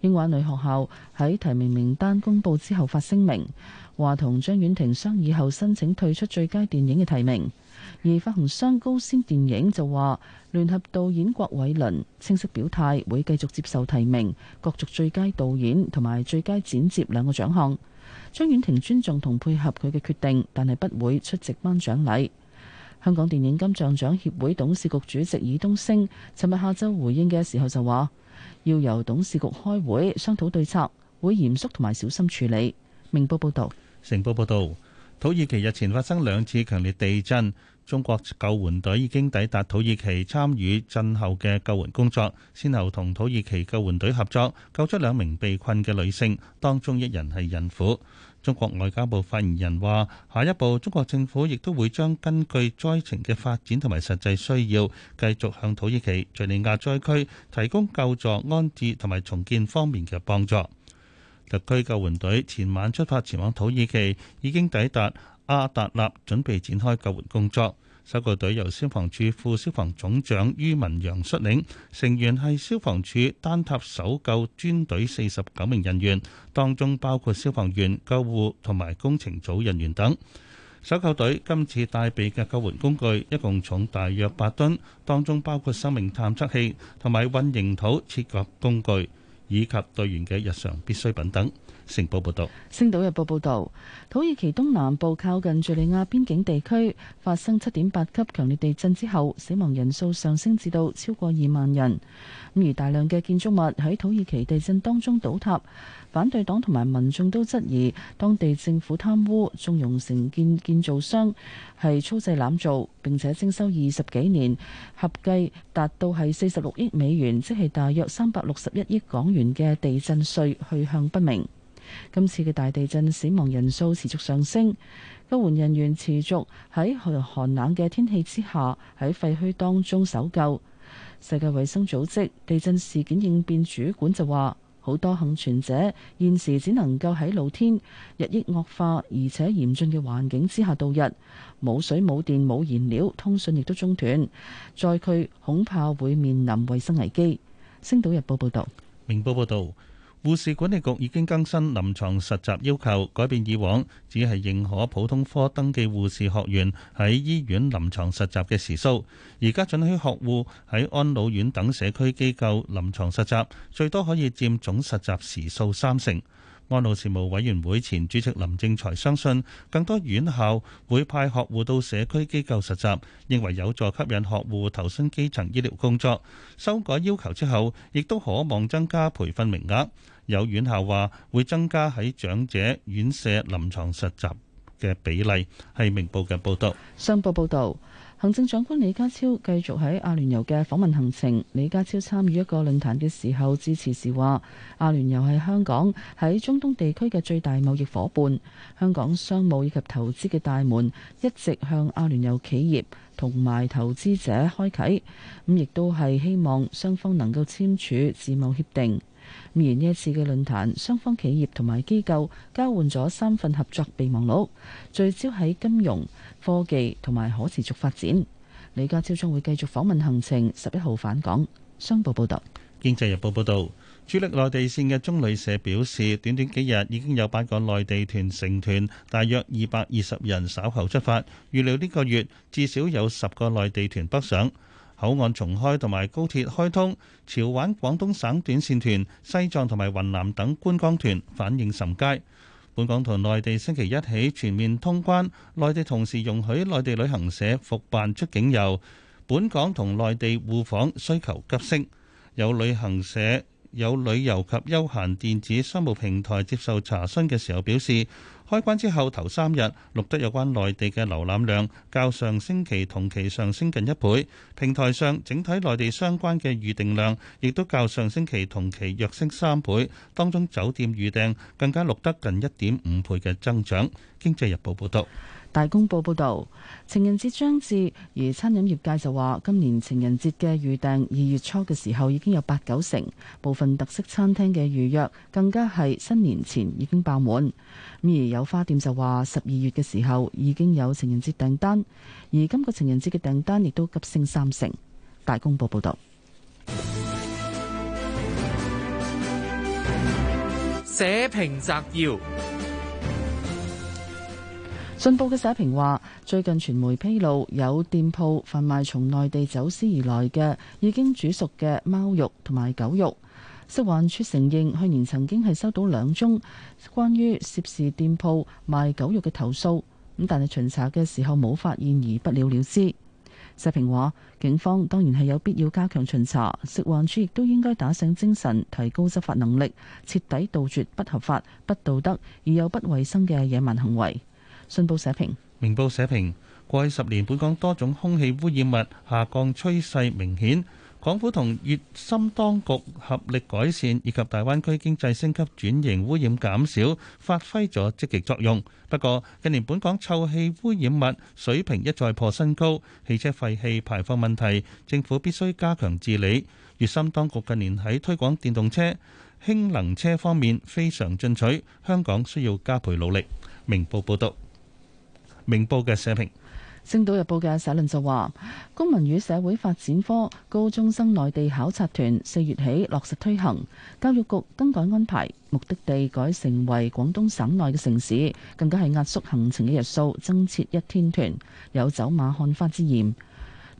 英華女學校喺提名名單公布之後發聲明，話同張婉婷商議後申請退出最佳電影嘅提名。而發行商高先電影就話，聯合導演郭偉倫清晰表態會繼續接受提名，角逐最佳導演同埋最佳剪接兩個獎項。張婉婷尊重同配合佢嘅決定，但係不會出席頒獎禮。香港電影金像獎協會董事局主席爾冬陞，尋日下晝回應嘅時候就話。要由董事局開會商討對策，會嚴肅同埋小心處理。明報報道，成報報道，土耳其日前發生兩次強烈地震，中國救援隊已經抵達土耳其參與震後嘅救援工作，先後同土耳其救援隊合作救出兩名被困嘅女性，當中一人係孕婦。中國外交部發言人話：下一步，中國政府亦都會將根據災情嘅發展同埋實際需要，繼續向土耳其、敘利亞災區提供救助、安置同埋重建方面嘅幫助。特區救援隊前晚出發前往土耳其，已經抵達阿達納，準備展開救援工作。搜救隊由消防處副消防總長于文陽率領，成員係消防處坍塌搜救專隊四十九名人員，當中包括消防員、救護同埋工程組人員等。搜救隊今次帶備嘅救援工具一共重大約八噸，當中包括生命探測器同埋混凝土切割工具，以及隊員嘅日常必需品等。星島日報報道，《星島日報》報道，土耳其東南部靠近敘利亞邊境地區發生七點八級強烈地震之後，死亡人數上升至到超過二萬人。咁而大量嘅建築物喺土耳其地震當中倒塌，反對黨同埋民眾都質疑當地政府貪污、縱容承建建造商係粗製濫造，並且徵收二十幾年合計達到係四十六億美元，即係大約三百六十一億港元嘅地震稅去向不明。今次嘅大地震死亡人數持續上升，救援人員持續喺寒冷嘅天氣之下喺廢墟當中搜救。世界衛生組織地震事件應變主管就話，好多幸存者現時只能夠喺露天日益惡化而且嚴峻嘅環境之下度日，冇水冇電冇燃料，通訊亦都中斷，災區恐怕會面臨衛生危機。星島日報報道，明報報道。護士管理局已經更新臨床實習要求，改變以往只係認可普通科登記護士學員喺醫院臨床實習嘅時數，而家准許學護喺安老院等社區機構臨床實習，最多可以佔總實習時數三成。安老事務委員會前主席林正財相信，更多院校會派學護到社區機構實習，認為有助吸引學護投身基層醫療工作。修改要求之後，亦都可望增加培訓名額。有院校話會增加喺長者院舍臨牀實習嘅比例。係明報嘅報道，商報報道。行政長官李家超繼續喺阿聯酋嘅訪問行程。李家超參與一個論壇嘅時候致辭時話：阿聯酋係香港喺中東地區嘅最大貿易伙伴，香港商務以及投資嘅大門一直向阿聯酋企業同埋投資者開啟，咁亦都係希望雙方能夠簽署自貿協定。咁而呢一次嘅論壇，雙方企業同埋機構交換咗三份合作備忘錄，聚焦喺金融科技同埋可持續發展。李家超將會繼續訪問行程，十一號返港。商報報導，《經濟日報》報導，主力內地線嘅中旅社表示，短短幾日已經有八個內地團成團，大約二百二十人稍後出發。預料呢個月至少有十個內地團北上。口岸重開同埋高鐵開通，潮玩廣東省短線團、西藏同埋雲南等觀光團反應甚佳。本港同內地星期一起全面通關，內地同時容許內地旅行社復辦出境遊。本港同內地互訪需求急升，有旅行社。有旅遊及休閒電子商務平台接受查詢嘅時候表示，開關之後頭三日錄得有關內地嘅瀏覽量較上星期同期上升近一倍，平台上整體內地相關嘅預定量亦都較上星期同期躍升三倍，當中酒店預訂更加錄得近一點五倍嘅增長。經濟日報報道。大公報報道，情人節將至，而餐飲業界就話，今年情人節嘅預訂二月初嘅時候已經有八九成，部分特色餐廳嘅預約更加係新年前已經爆滿。而有花店就話，十二月嘅時候已經有情人節訂單，而今個情人節嘅訂單亦都急升三成。大公報報道，社評摘要。信報嘅社評話：最近傳媒披露有店鋪販賣從內地走私而來嘅已經煮熟嘅貓肉同埋狗肉。食環署承認去年曾經係收到兩宗關於涉事店鋪賣狗肉嘅投訴，咁但係巡查嘅時候冇發現而不了了之。社評話：警方當然係有必要加強巡查，食環署亦都應該打醒精神，提高執法能力，徹底杜絕不合法、不道德而又不衛生嘅野蠻行為。信報社評。明報社評，過去十年，本港多種空氣污染物下降趨勢明顯，港府同粵深當局合力改善，以及大灣區經濟升級轉型，污染減少，發揮咗積極作用。不過，近年本港臭氣污染物水平一再破新高，汽車廢氣排放問題，政府必須加強治理。粵深當局近年喺推廣電動車、氫能車方面非常進取，香港需要加倍努力。明報報導。明報嘅社評，《星島日報》嘅社論就話：公民與社會發展科高中生內地考察團四月起落實推行，教育局更改安排，目的地改成為廣東省內嘅城市，更加係壓縮行程嘅日數，增設一天團，有走馬看花之嫌。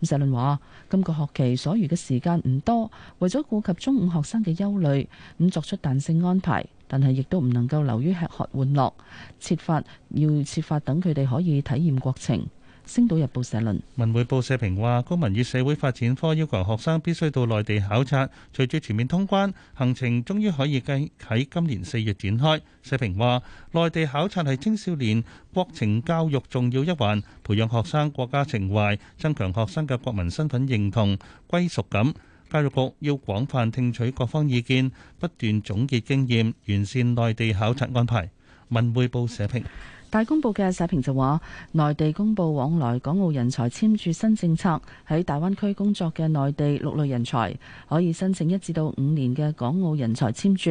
社論話：今個學期所餘嘅時間唔多，為咗顧及中五學生嘅憂慮，咁作出彈性安排。但係亦都唔能夠流於吃喝玩樂，設法要設法等佢哋可以體驗國情。星島日報社論。文匯報社評話，公民與社會發展科要求學生必須到內地考察。隨住全面通關，行程終於可以計喺今年四月展開。社評話，內地考察係青少年國情教育重要一環，培養學生國家情懷，增強學生嘅國民身份認同歸屬感。教育局要廣泛聽取各方意見，不斷總結經驗，完善內地考察安排。文匯報社評。大公報嘅社評就話，內地公布往來港澳人才簽注新政策，喺大灣區工作嘅內地六類人才可以申請一至到五年嘅港澳人才簽注，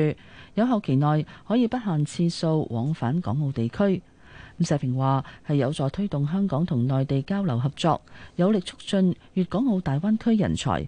有效期內可以不限次數往返港澳地區。咁社評話係有助推動香港同內地交流合作，有力促進粵港澳大灣區人才，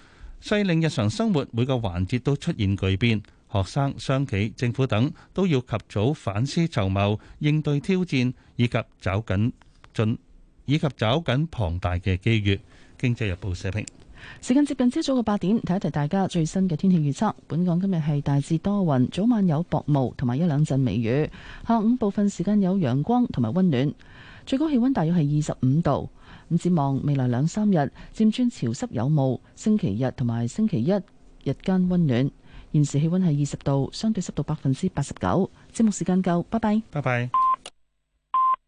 致令日常生活每個環節都出現巨變，學生、商企、政府等都要及早反思籌謀，應對挑戰以及找緊盡以及找緊龐大嘅機遇。《經濟日報》社評。時間接近朝早嘅八點，提一提大家最新嘅天氣預測。本港今日係大致多雲，早晚有薄霧同埋一兩陣微雨，下午部分時間有陽光同埋温暖，最高氣溫大約係二十五度。展望未來兩三日漸轉潮濕有霧，星期日同埋星期一日間溫暖。現時氣溫係二十度，相對濕度百分之八十九。節目時間夠，拜拜。拜拜。